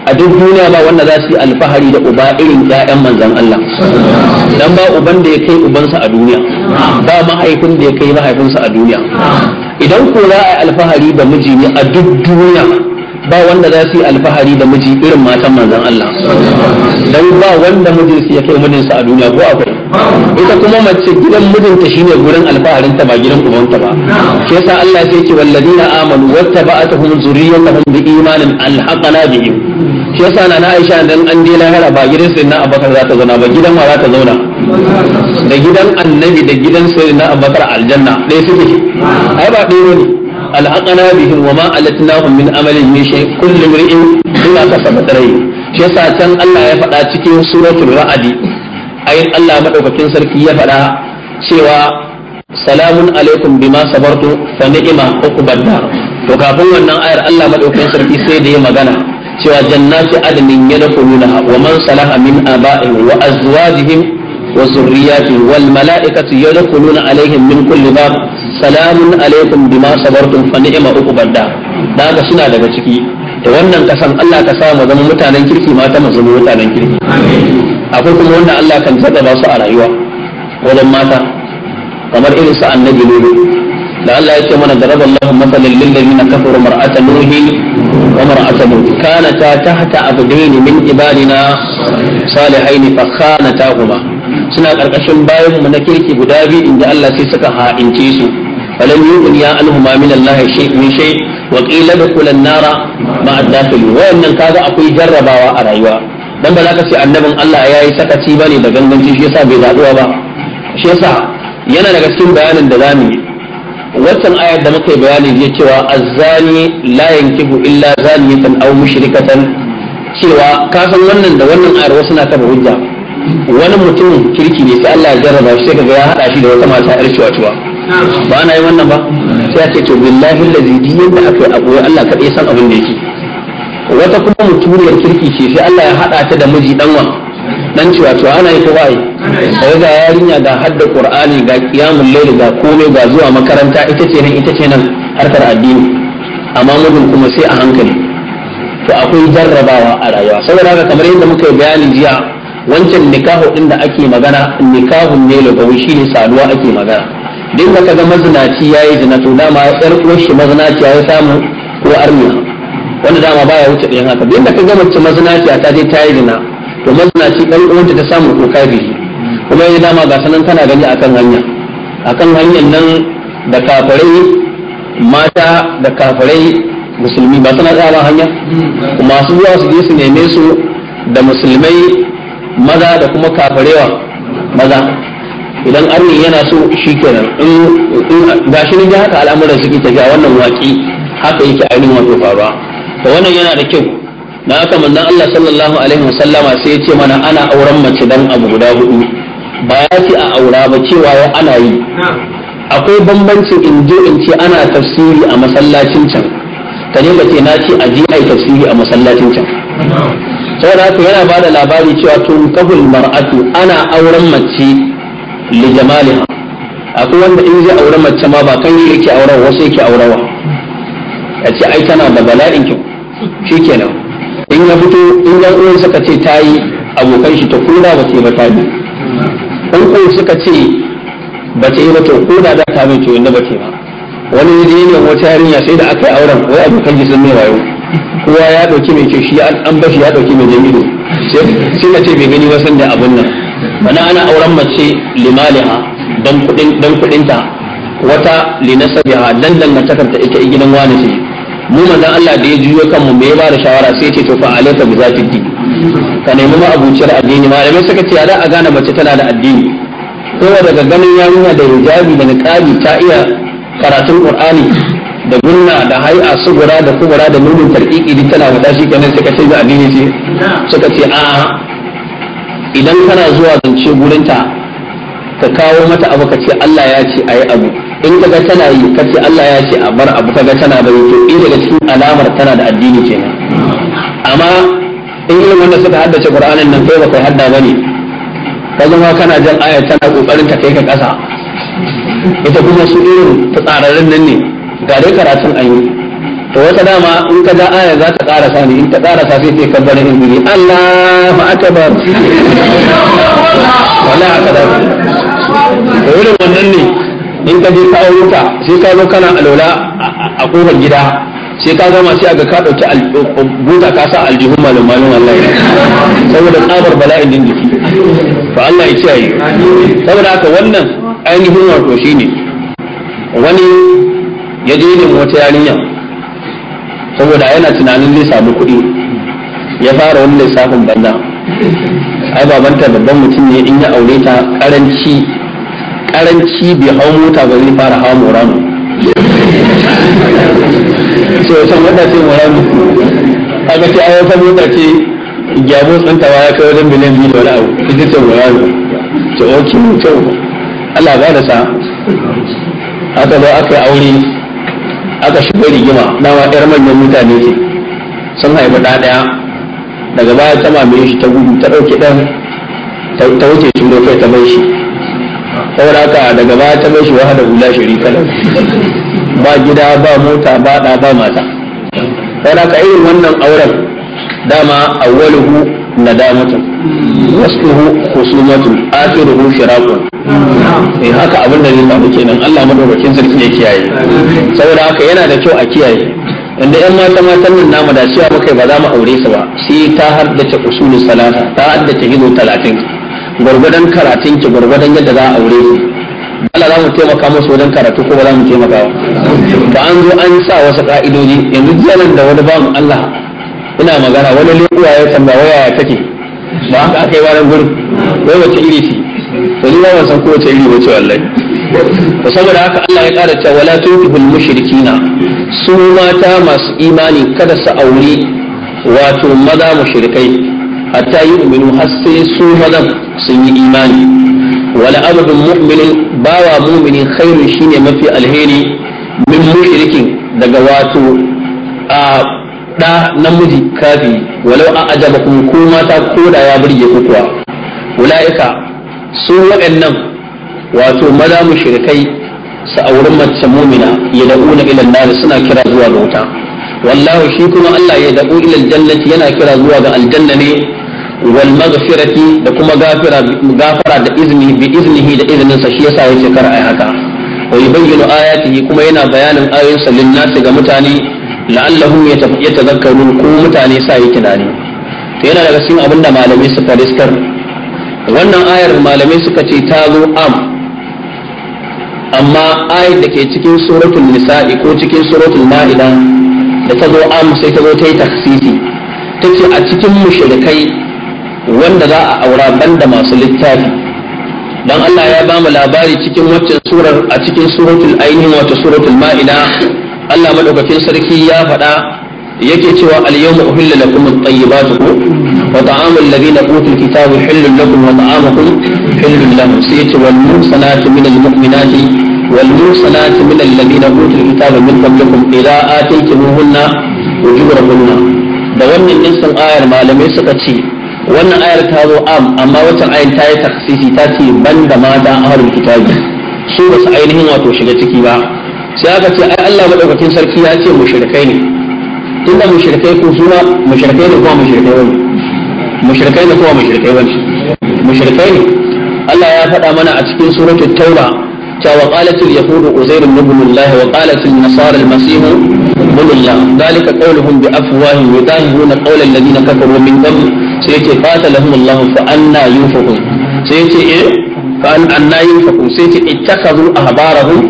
a duk duniya ba wanda za su yi alfahari da uba irin ƴaƴan manzon Allah dan ba uban da ya kai ubansa a duniya ba mahaifin da ya kai mahaifinsa a duniya idan ko za a yi alfahari da miji ne a duk duniya ba wanda za su yi alfahari da miji irin matan manzon Allah dan ba wanda mijinsu ya kai mijinsa a duniya ko akwai ita kuma mace gidan mijinta shine gurin alfaharinta ba gidan ubanta ba shi yasa Allah sai ce walladina amanu wattaba'atuhum zurriyyatuhum biimanin alhaqana bihim shi yasa na na Aisha dan an je lahira ba gidan na Abubakar za ta zauna ba gidan wa za ta zauna da gidan annabi da gidan na Abubakar aljanna ɗaya suke ai ba ɗaya ne alhaqana bihim wa ma alatnahum min amalin min shay kullu imrin bima kasaba shi yasa can Allah ya faɗa cikin suratul ra'adi ayin Allah madaukakin sarki ya faɗa cewa salamun alaikum bima sabartu fa ni'ima uqbad dar to kafin wannan ayar Allah madaukakin sarki sai da ya magana cewa jannati adnin yadkhuluna wa man salaha min aba'ihim wa azwajihim wa zurriyyatihim wal mala'ikatu yadkhuluna alaihim min kulli bab salamun alaikum bima sabartum fa ni'ma uqbad dar da ka suna daga ciki da wannan kasan Allah ka sa mu zama mutanen kirki mata mu zama mutanen kirki akwai kuma wanda Allah kan ba su a rayuwa wajen mata kamar irin su annabi lulu da Allah ya ce mana daraba Allah masalan lil ladina kafaru mar'ata nuhi wa mar'ata lut kanata tahta abdayn min ibadina salihaini fa khanatahuma suna karkashin bayan mu na kirki guda biyu inda Allah sai suka ha'ince su falam yu'in ya alhuma min Allah shay'un min shay wa da dukulan nara ma'a dafil wannan kaga akwai jarrabawa a rayuwa dan ba za ka ce annabin Allah ya yi sakaci ba ne da ganganci shi yasa bai zaɓuwa ba shi yasa yana daga cikin bayanin da zamu yi wancan ayar da muka yi bayani ya cewa azzani la yankihu illa zaniyatan aw mushrikatan cewa ka san wannan da wannan ayar wasu na ta hujja wani mutumin kirki ne sai Allah ya jarraba shi sai kaga ya hada shi da wata mata yar ciwa ciwa ba ana yi wannan ba sai ya ce to billahi allazi yadda aka yi abu Allah kadai san abin da yake wata kuma mutuniyar kirki ce sai Allah ya haɗa ta da miji ɗanwa dan cewa to ana yi ko waye. yi sai ga yarinya ga hadda qur'ani ga qiyamul layl ga komai ga zuwa makaranta ita ce nan ita ce nan harkar addini amma mijin kuma sai a hankali to akwai jarrabawa a rayuwa saboda haka kamar yadda muka yi bayani jiya wancan nikahu din da ake magana nikahun ne lugawi shine saduwa ake magana duk da kaga mazinaci yayi zina to dama yar uwar shi mazinaci ya samu ko armiya wanda dama baya wuce ɗayan haka duk da ka ga mace mazinaciya ta je ta yi zina to mazinaci ɗan uwanta ta samu ko kafiri kuma yayi dama ga sanan kana gani akan hanya akan hanyar nan da kafirai mata da kafirai musulmi ba suna tsara hanya masu zuwa su je su neme su da musulmai maza da kuma kafirewa maza idan arni yana so shi kenan in gashi ne haka al'amuran suke tafiya wannan waki haka yake ainihin wato faruwa to wannan yana da kyau na haka manzon Allah sallallahu alaihi wasallama sai ya ce mana ana auren mace dan abu guda hudu ba ya ce a aura ba cewa ya ana yi akwai bambancin in je in ce ana tafsiri a masallacin can ka ne ba ce na ce a je ai tafsiri a masallacin can saboda haka yana ba da labari cewa tun kahul mar'atu ana auren mace li jamaliha akwai wanda in zai auren mace ma ba kan yake auren wasu yake aurewa ya ce ai tana da bala'in kyau shikenan in ya fito in yan uwan suka ce ta yi abokan shi ta kura ba ce ba ta bi ɗan uwan suka ce ba ta yi ba to ko da za ta mai to da ba ce ba wani yaje ne wata yarinya sai da aka yi auren wai abokan shi sun ne wayo kowa ya ɗauki mai kyau shi an bashi ya ɗauki mai jami'u sai na ce bai gani wasu san da abun nan bana ana auren mace limaliha dan kuɗinta wata linasabiha dan dangantakar ta ita gidan wani ce mu manzon Allah da ya juyo kanmu me ya da shawara sai ce to fa alayka bi zati ka nemi ma abuciyar addini malamai suka ce da a gane mace tana da addini kowa daga ganin yarinya da hijabi da niqabi ta iya karatun qur'ani da gunna da hai'a sugura da kubura da nunin tarqiqi duk tana fada shi kenan suka ce da addini ce suka ce a idan kana zuwa zance gurinta ka kawo mata abu ka ce Allah ya ce ayi abu in kaga tana yi kace Allah ya ce a bar abu kaga tana da to in daga cikin alamar tana da addini kenan amma in irin wanda suka haddace Qur'anin nan kai ba kai hadda bane ka zama kana jan aya tana kokarin ka kai ka kasa ita kuma su irin tsararren nan ne ga dai karatun ayi to wata dama in ka ga aya za ta karasa ne in ta karasa sai sai kabbara in guri Allahu akbar wala akbar to irin wannan ne in ka je kawo wuta sai ka zo kana alwala a kofar gida sai ka zama sai ga ka ɗauki buta ka sa aljihun malum malum wallahi saboda tsabar bala'in din jiki fa Allah ya yi, saboda haka wannan ainihin wato shine wani ya je ne wata yarinya saboda yana tunanin zai samu kuɗi ya fara wani lissafin banza ai babanta babban mutum ne in ya aure ta karanci karanci bai hau mota ba zai fara hawa morano so san wata ce a ga ce ai wata mota ce gyabo tsantawa ya kai wajen miliyan biyu da wani abu ita ce morano to ok kyau Allah ba da sa aka zo aka yi aure aka shigo rigima dama yar manyan mutane ce sun haifi ɗa ɗaya daga baya ta mamaye shi ta gudu ta ɗauki ɗan ta wuce shi da kai ta bai shi saboda haka daga baya ta mashi wahada hula sharika lahu ba gida ba mota ba da ba mata saboda haka irin wannan auren dama awwaluhu nadamatu wasluhu da akhiruhu shirakun eh haka abin da zai samu kenan Allah madaukakin sarki ya kiyaye saboda haka yana da kyau a kiyaye inda yan mata matan nan namu da cewa muka ba za mu aure su ba sai ta haddace usulul salata ta haddace hizo talatin gwargwadon karatun ki gwargwadon yadda za a aure Allah za mu taimaka musu wajen karatu ko ba za mu taimaka ba an zo an sa wasu ka'idoji yanzu jiyanan da wani bamu Allah ina magana wani lokuwa ya tambaya waya ya take ba haka aka yi wani gurin wai wace iri ce ni ba san ko wace iri wace wallahi to saboda haka Allah ya ƙara cewa wala tuqibul mushrikina su mata masu imani kada su aure wato maza mushrikai hatta yu'minu har sai su mazan sun yi imani wala abdun mu'minin bawa mu'mini khairun shine mafi alheri min mushrikin daga wato a da namiji kafi walau a ajabakum ko mata ko da ya burge ku kuwa ulaika su waɗannan wato maza mushrikai su auren mace mumina ya na ilan nari suna kira zuwa ga wuta wallahu shi kuma Allah ya da'u ilal jannati yana kira zuwa ga aljanna ne wal firati da kuma gafara gafara da izini bi iznihi da iznin sa shi yasa yace kar ai haka wa yubayyinu ayatihi kuma yana bayanin ayoyinsa linnasi ga mutane la'allahum yatadhakkarun ko mutane sa yi tunani to yana daga cikin abinda malamai suka riskar wannan ayar malamai suka ce ta zo am amma ayar da ke cikin suratul nisa'i ko cikin suratul ma'ida da ta zo am sai ta zo ta yi taksisi ta ce a cikin mushrikai wanda za a aura banda masu littafi dan Allah ya ba mu labari cikin waccan surar a cikin suratul ainihin wato suratul ma'ida Allah madaukakin sarki ya faɗa yake cewa al-yawma uhilla lakum at-tayyibatu wa ta'amu alladhina utul kitaba hillun lakum wa ta'amukum hillun lahum sai yace wal musanatu min al-mu'minati wal musanatu min alladhina utul kitaba min qablikum idza ataytumuhunna ujurahunna da wannan nisan ayar malamai suka ce wannan ayar ta zo am amma wancan ayar ta yi taksisi ta ce ban da mata ahlul kitabi su ba su ainihin wato shiga ciki ba sai aka ce ai Allah madaukakin sarki ya ce mushrikai ne tunda mushrikai ko suna mushrikai ne kuma mushrikai wani mushrikai ne kuma mushrikai wani mushrikai ne Allah ya faɗa mana a cikin suratul tauba cewa qalatul yahudu uzair ibn Allah wa qalatul nasara al-masih ibn Allah dalika qawluhum bi afwahihim yudahiruna qawla alladhina kafaru min qabl sai ce fata lahumullahu fa anna yufakun sai ce eh fa anna yufakun sai ce ittakhadhu ahbarahum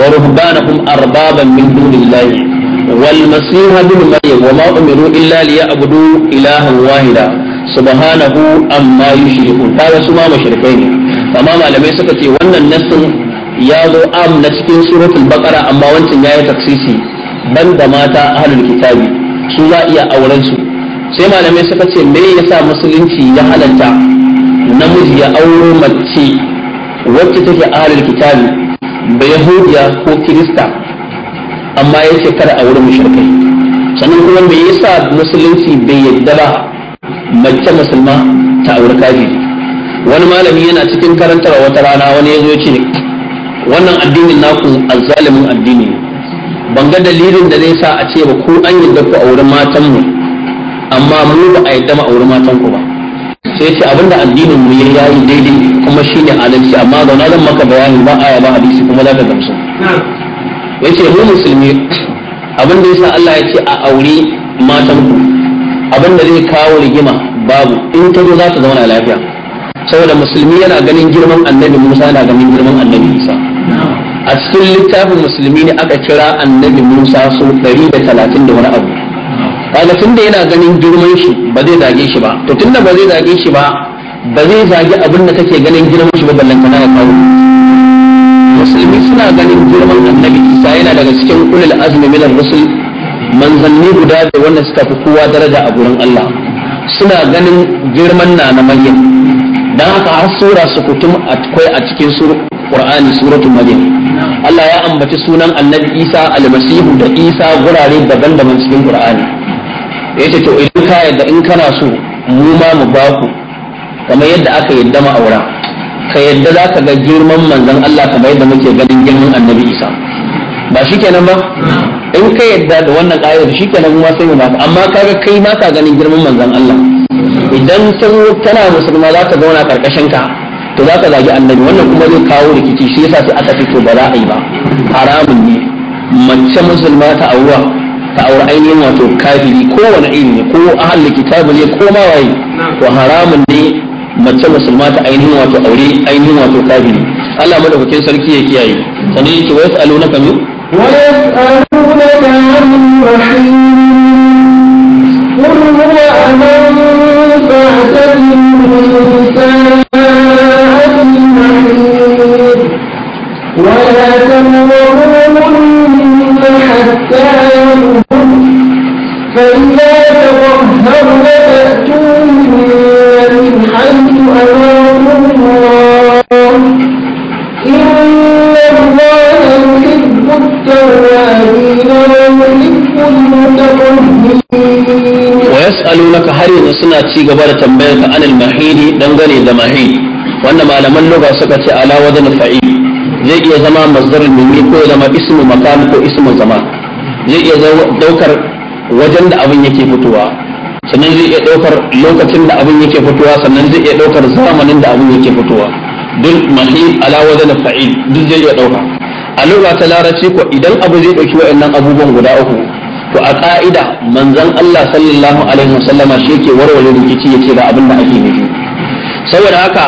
wa ruhbanahum arbaban min dunillahi wal masih ibn maryam wa ma umiru illa liya'budu ilahan wahida subhanahu amma yushrikun kaga su ma mushrikai ne amma malamai suka ce wannan nassin ya zo amna na cikin suratul baqara amma wancan yayi taksisi banda mata ahlul kitabi su za iya aurensu. su sai malamai suka ce me yasa musulunci ya halatta namiji ya auro mace wacce take ahalar kitabi ba yahudiya ko kirista amma ya ce kada a wurin mushrikai sannan kuma me yasa musulunci bai yadda ba mace musulma ta aure kaji wani malami yana cikin karantar wata rana wani ya zo ce wannan addinin naku azzalimin addini ban ga dalilin da zai sa a ce ba ko an yadda ku a wurin matanmu. amma mu ba a yadda mu auri matan ku ba sai ce abinda addinin mu ya yayi daidai kuma shi shine adalci amma ga na zan maka bayani ba aya ba hadisi kuma za ka gamsu Ya ce mu musulmi abinda ya sa Allah ya ce a aure matan ku abinda zai kawo rigima babu in ta zo za ta zauna lafiya saboda musulmi yana ganin girman annabi Musa yana ganin girman annabi Isa a cikin littafin musulmi ne aka kira annabi Musa su 130 da wani abu kaga da yana ganin girman shi ba zai zage shi ba to tun da ba zai zage shi ba ba zai zage abin da kake ganin girman shi ba ballan kana ya kawo musulmi suna ganin girman annabi isa yana daga cikin ulul azmi min ar-rusul manzanni guda da wanda suka fi kowa daraja a gurin Allah suna ganin girman na na maryam dan haka har sura kutum akwai a cikin qur'ani suratul maryam Allah ya ambaci sunan annabi isa almasihu da isa gurare daban-daban cikin qur'ani ya ce to idan ka yadda in kana so mu ma mu ba ku kamar yadda aka yadda ma'aura ka yadda za ka ga girman manzon Allah kamar yadda muke ganin girman annabi Isa ba shi kenan ba in ka yadda da wannan ƙa'idar shi kenan ma sai mu ba amma kaga kai ma ka ganin girman manzon Allah idan sun tana musulma za ka zauna karkashin ka to za ka zagi annabi wannan kuma zai kawo rikici shi yasa sai aka fito ba za a yi ba haramun ne mace musulma ta auwa ta aure ainihin wato kafiri kowane iri ne ko ahal kitabu ne ko mawaye to haramun ne mace musulma ta ainihin wato aure ainihin wato kafiri Allah madaukakin sarki ya kiyaye sanin yake wasu aluna kamin ويسألونك عن الرحيم قل هو أمان ci gaba da tambayar ka anil mahidi dangane da mahid wanda malaman lugha suka ce ala wajen fa'il zai iya zama masdar mimi ko zama ismu makan ko ismu zama zai iya daukar wajen da abin yake fitowa sannan zai iya daukar lokacin da abin yake fitowa sannan zai iya daukar zamanin da abin yake fitowa duk mahid ala wajen fa'il duk zai iya dauka a lugha ta larabci ko idan abu zai dauki wa'annan abubuwan guda uku to a ka'ida manzon Allah sallallahu alaihi wasallama shi yake warware rikici yace ga abin da ake nufi saboda haka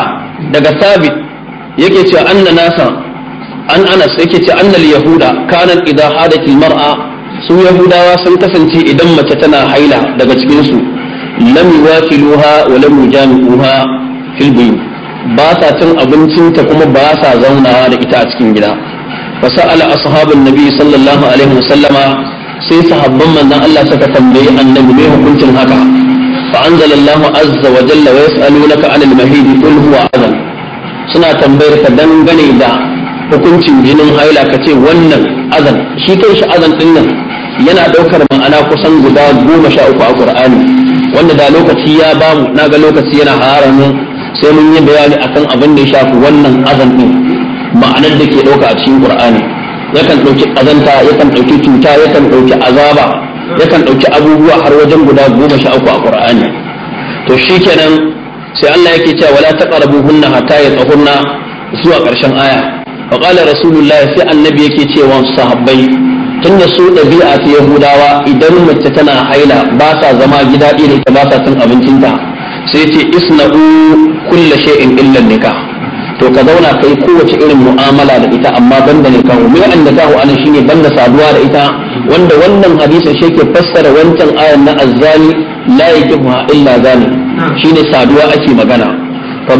daga sabit yake cewa anna nasa an anas yake cewa annal yahuda kanan idza hadat mar'a su yahudawa sun kasance idan mace tana haila daga cikin su lam yuwafiluha wa lam yujami'uha fil bayt ba sa cin abincinta kuma ba sa zaunawa da ita a cikin gida fasa'ala ashabun nabi sallallahu alaihi wasallama sai sahabban manzon Allah suka tambayi annabi me hukuncin haka fa anzalallahu azza wa jalla wa yas'alunaka 'anil mahid qul huwa adhan suna tambayar ka dangane da hukuncin jinin haila kace wannan azan shi shi azan din nan yana daukar ma'ana kusan guda goma sha uku a Qur'ani wanda da lokaci ya bamu naga lokaci yana mu sai mun yi bayani akan abin da ya shafi wannan azan din ma'anar da ke dauka a cikin Qur'ani yakan ɗauki ƙazanta yakan ɗauki cuta yakan ɗauki azaba yakan ɗauki abubuwa har wajen guda goma sha uku a ƙur'ani to shi kenan, sai Allah yake cewa wala taqrabuhunna hatta yatahunna zuwa ƙarshen aya wa qala rasulullahi sai annabi yake cewa sahabbai da su ɗabi'a ta yahudawa idan mace tana haila ba sa zama gida ɗaya da ita ba sa cin abincinta sai ce isna'u kulla shay'in illa nikah to ka zauna ka yi kowace irin mu'amala da ita amma banda ne kawo mai wanda ta hu anan shine banda saduwa da ita wanda wannan hadisin shi ke fassara wancan ayan na azzani la yakifu illa zani shine saduwa ake magana fa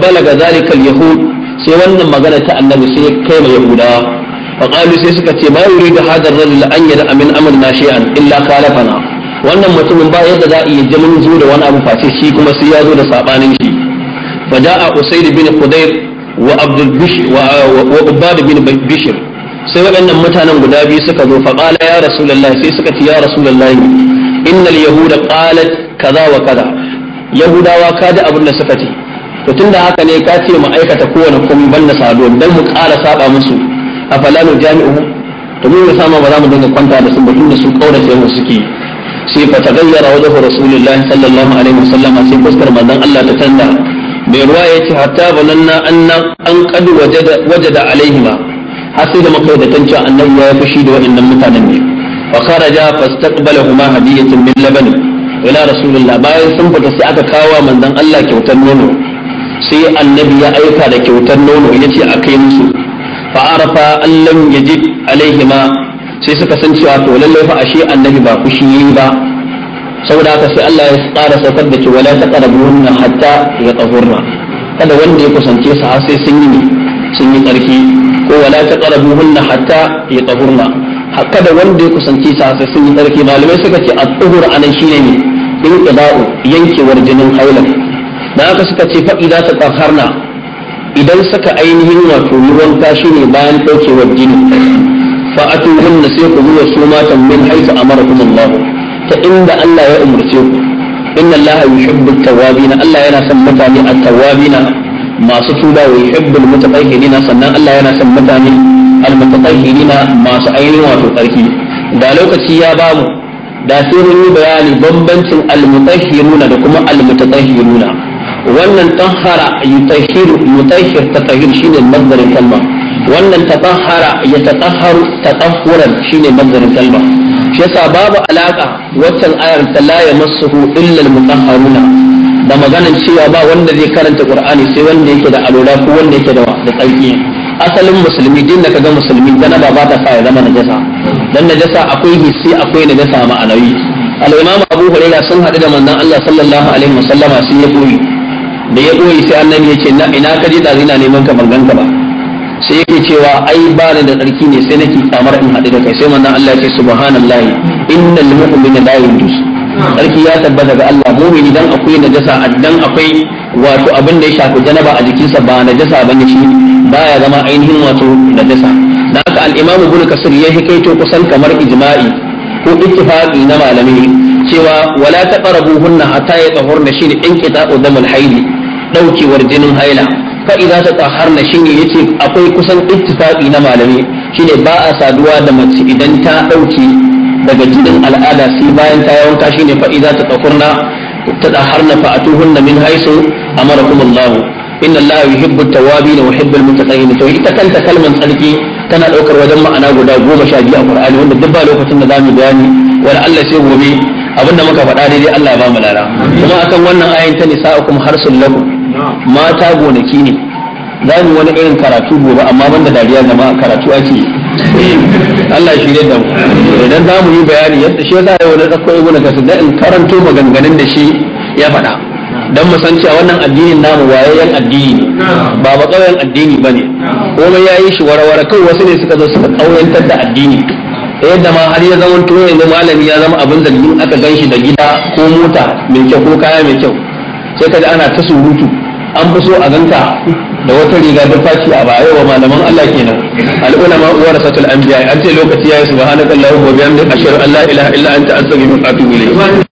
balaga zalika al-yahud sai wannan magana ta annabi sai ya kai ma yahudawa fa qalu sai suka ce ba yuridu hadha ar-rajul an yada min amrina shay'an illa khalafana wannan mutumin ba yadda za a iya jamin zuwa da wani abu face shi kuma sai ya zo da sabanin shi فجاء أسيد بن bin وعبد البشر وعباد بن sai waɗannan mutanen guda biyu suka zo fa qala ya rasulullahi sai suka ci ya rasulullahi innal yahuda qalat kaza wa kaza yahudawa ka da abin da suka ci. to tunda haka ne ka ce ma'aikata kowane komai banda sado dan mu ƙara saba musu a falanu jami'u to mu ne sama ba za mu dinga kwanta da su batun da su kaurace mu suke sai fa tagayyara wajhu rasulullahi sallallahu alaihi wasallam sai fuskar manzon Allah ta tanda mai ruwa ya ce hatta bananna annan an kadu wajada alaihima har sai da muka cewa annabi ya fushi da waɗannan mutanen ne fa kharaja fastaqbalahuma hadiyatan min laban ila rasulullah bayan sun fita sai aka kawo manzon Allah kyautar nono sai annabi ya aika da kyautar nono yace a kai musu fa arafa allam yajid alaihima sai suka san cewa to lallai fa ashe annabi ba fushi yayi ba saboda haka sai Allah ya tsara saukar da ke wala taqrabuhunna hatta ya yatahurna kada wanda ya kusance su har sai sun yi sun yi tsarki ko wala taqrabuhunna hatta yatahurna hakka da wanda ya kusance su har sai sun yi tsarki malamai suka ce at-tuhur anan shine ne in qada'u yankewar jinin haila da haka suka ce fa idza tatahharna idan suka ainihin wato yi wanka shine bayan daukewar jini fa atuhunna sai ku zuwa su matan min haythu amarakum Allah ta inda Allah ya umarce ku inna Allah yuhibbu tawabina tawwabin Allah yana son mutane at tawabina masu tuba wa yuhibbu al sannan Allah yana son mutane al-mutatahhirin masu ainihin wato tsarki da lokaci ya bamu da sai mun yi bayani bambancin al-mutahhiruna da kuma al-mutatahhiruna wannan tahara yutahhiru mutahhir tatahhir shine mazdarin kalma wannan tatahara ya tataharu tatahuran shine manzarin kalma shi yasa babu alaka waccan ayar ta la yamassuhu illa haruna. da maganan cewa ba wanda zai karanta qur'ani sai wanda yake da alura ko wanda yake da da tsarki asalin musulmi din da kaga musulmi dana ba ba ta sa ya zama najasa dan najasa akwai hissi akwai najasa ma'anawi al-imam Abu Hurairah sun hadu da manzon Allah sallallahu alaihi wasallama sun ya koyi da ya koyi sai annabi ya ce na ina kaje da zina neman ka banganka ba sai yake cewa ai ba ni da tsarki ne sai nake kamar in haɗu da kai sai manzon Allah ya ce subhanallahi innal mu'mina la yunjus tsarki ya tabbata ga Allah mu'mini dan akwai najasa dan akwai wato abin da ya shafi janaba a jikinsa ba najasa bane shi baya zama ainihin wato najasa da haka al-imamu ibn kasir ya hikaito kusan kamar ijma'i ko ittifaqi na malamai cewa wala taqrabuhunna hatta yatahurna shi ne in qita'u damul haili daukewar jinin haila fa'iza ta tsaharna shi ne yace akwai kusan ittifaqi na malami shine ba a saduwa da mace idan ta ɗauke daga jinin al'ada sai bayan ta yawanka shine fa'iza ta tsaharna ta tsaharna fa'atuhunna min haisu amarakumullahu inna allaha yuhibbu at-tawwabin wa yuhibbu al-mutatahhirin to ita kanta kalmar tsarki tana ɗaukar wajen ma'ana guda goma sha biyu a Qur'ani wanda duk ba lokacin da zamu bayani wal Allah sai gobe abinda muka faɗa daidai Allah ya ba mu lada kuma akan wannan ayin ta nisa'ukum harsul lakum mata gonaki ne za mu wani irin karatu gobe amma da dariya zama karatu ake Allah shi da mu idan za mu yi bayani yadda shi yasa yau na tsakko ibnu kasir da in karanto maganganun da shi ya faɗa dan mu san cewa wannan addinin namu waye 'yan addini ne ba ba kauyen addini ba bane komai yi shi warware kai wasu ne suka zo suka kauyantar da addini yadda ma har ya zama tuwo yanzu malami ya zama abin zargin aka gan shi da gida ko mota mai kyau ko kaya mai kyau sai kaji ana ta surutu an fi so a ganka da wata riga da fashi a baya wa malaman Allah kenan ma uwar satul anbiya an ce lokaci yayi subhanakallahumma wa bihamdika ashhadu an la ilaha illa anta astaghfiruka wa atubu ilayk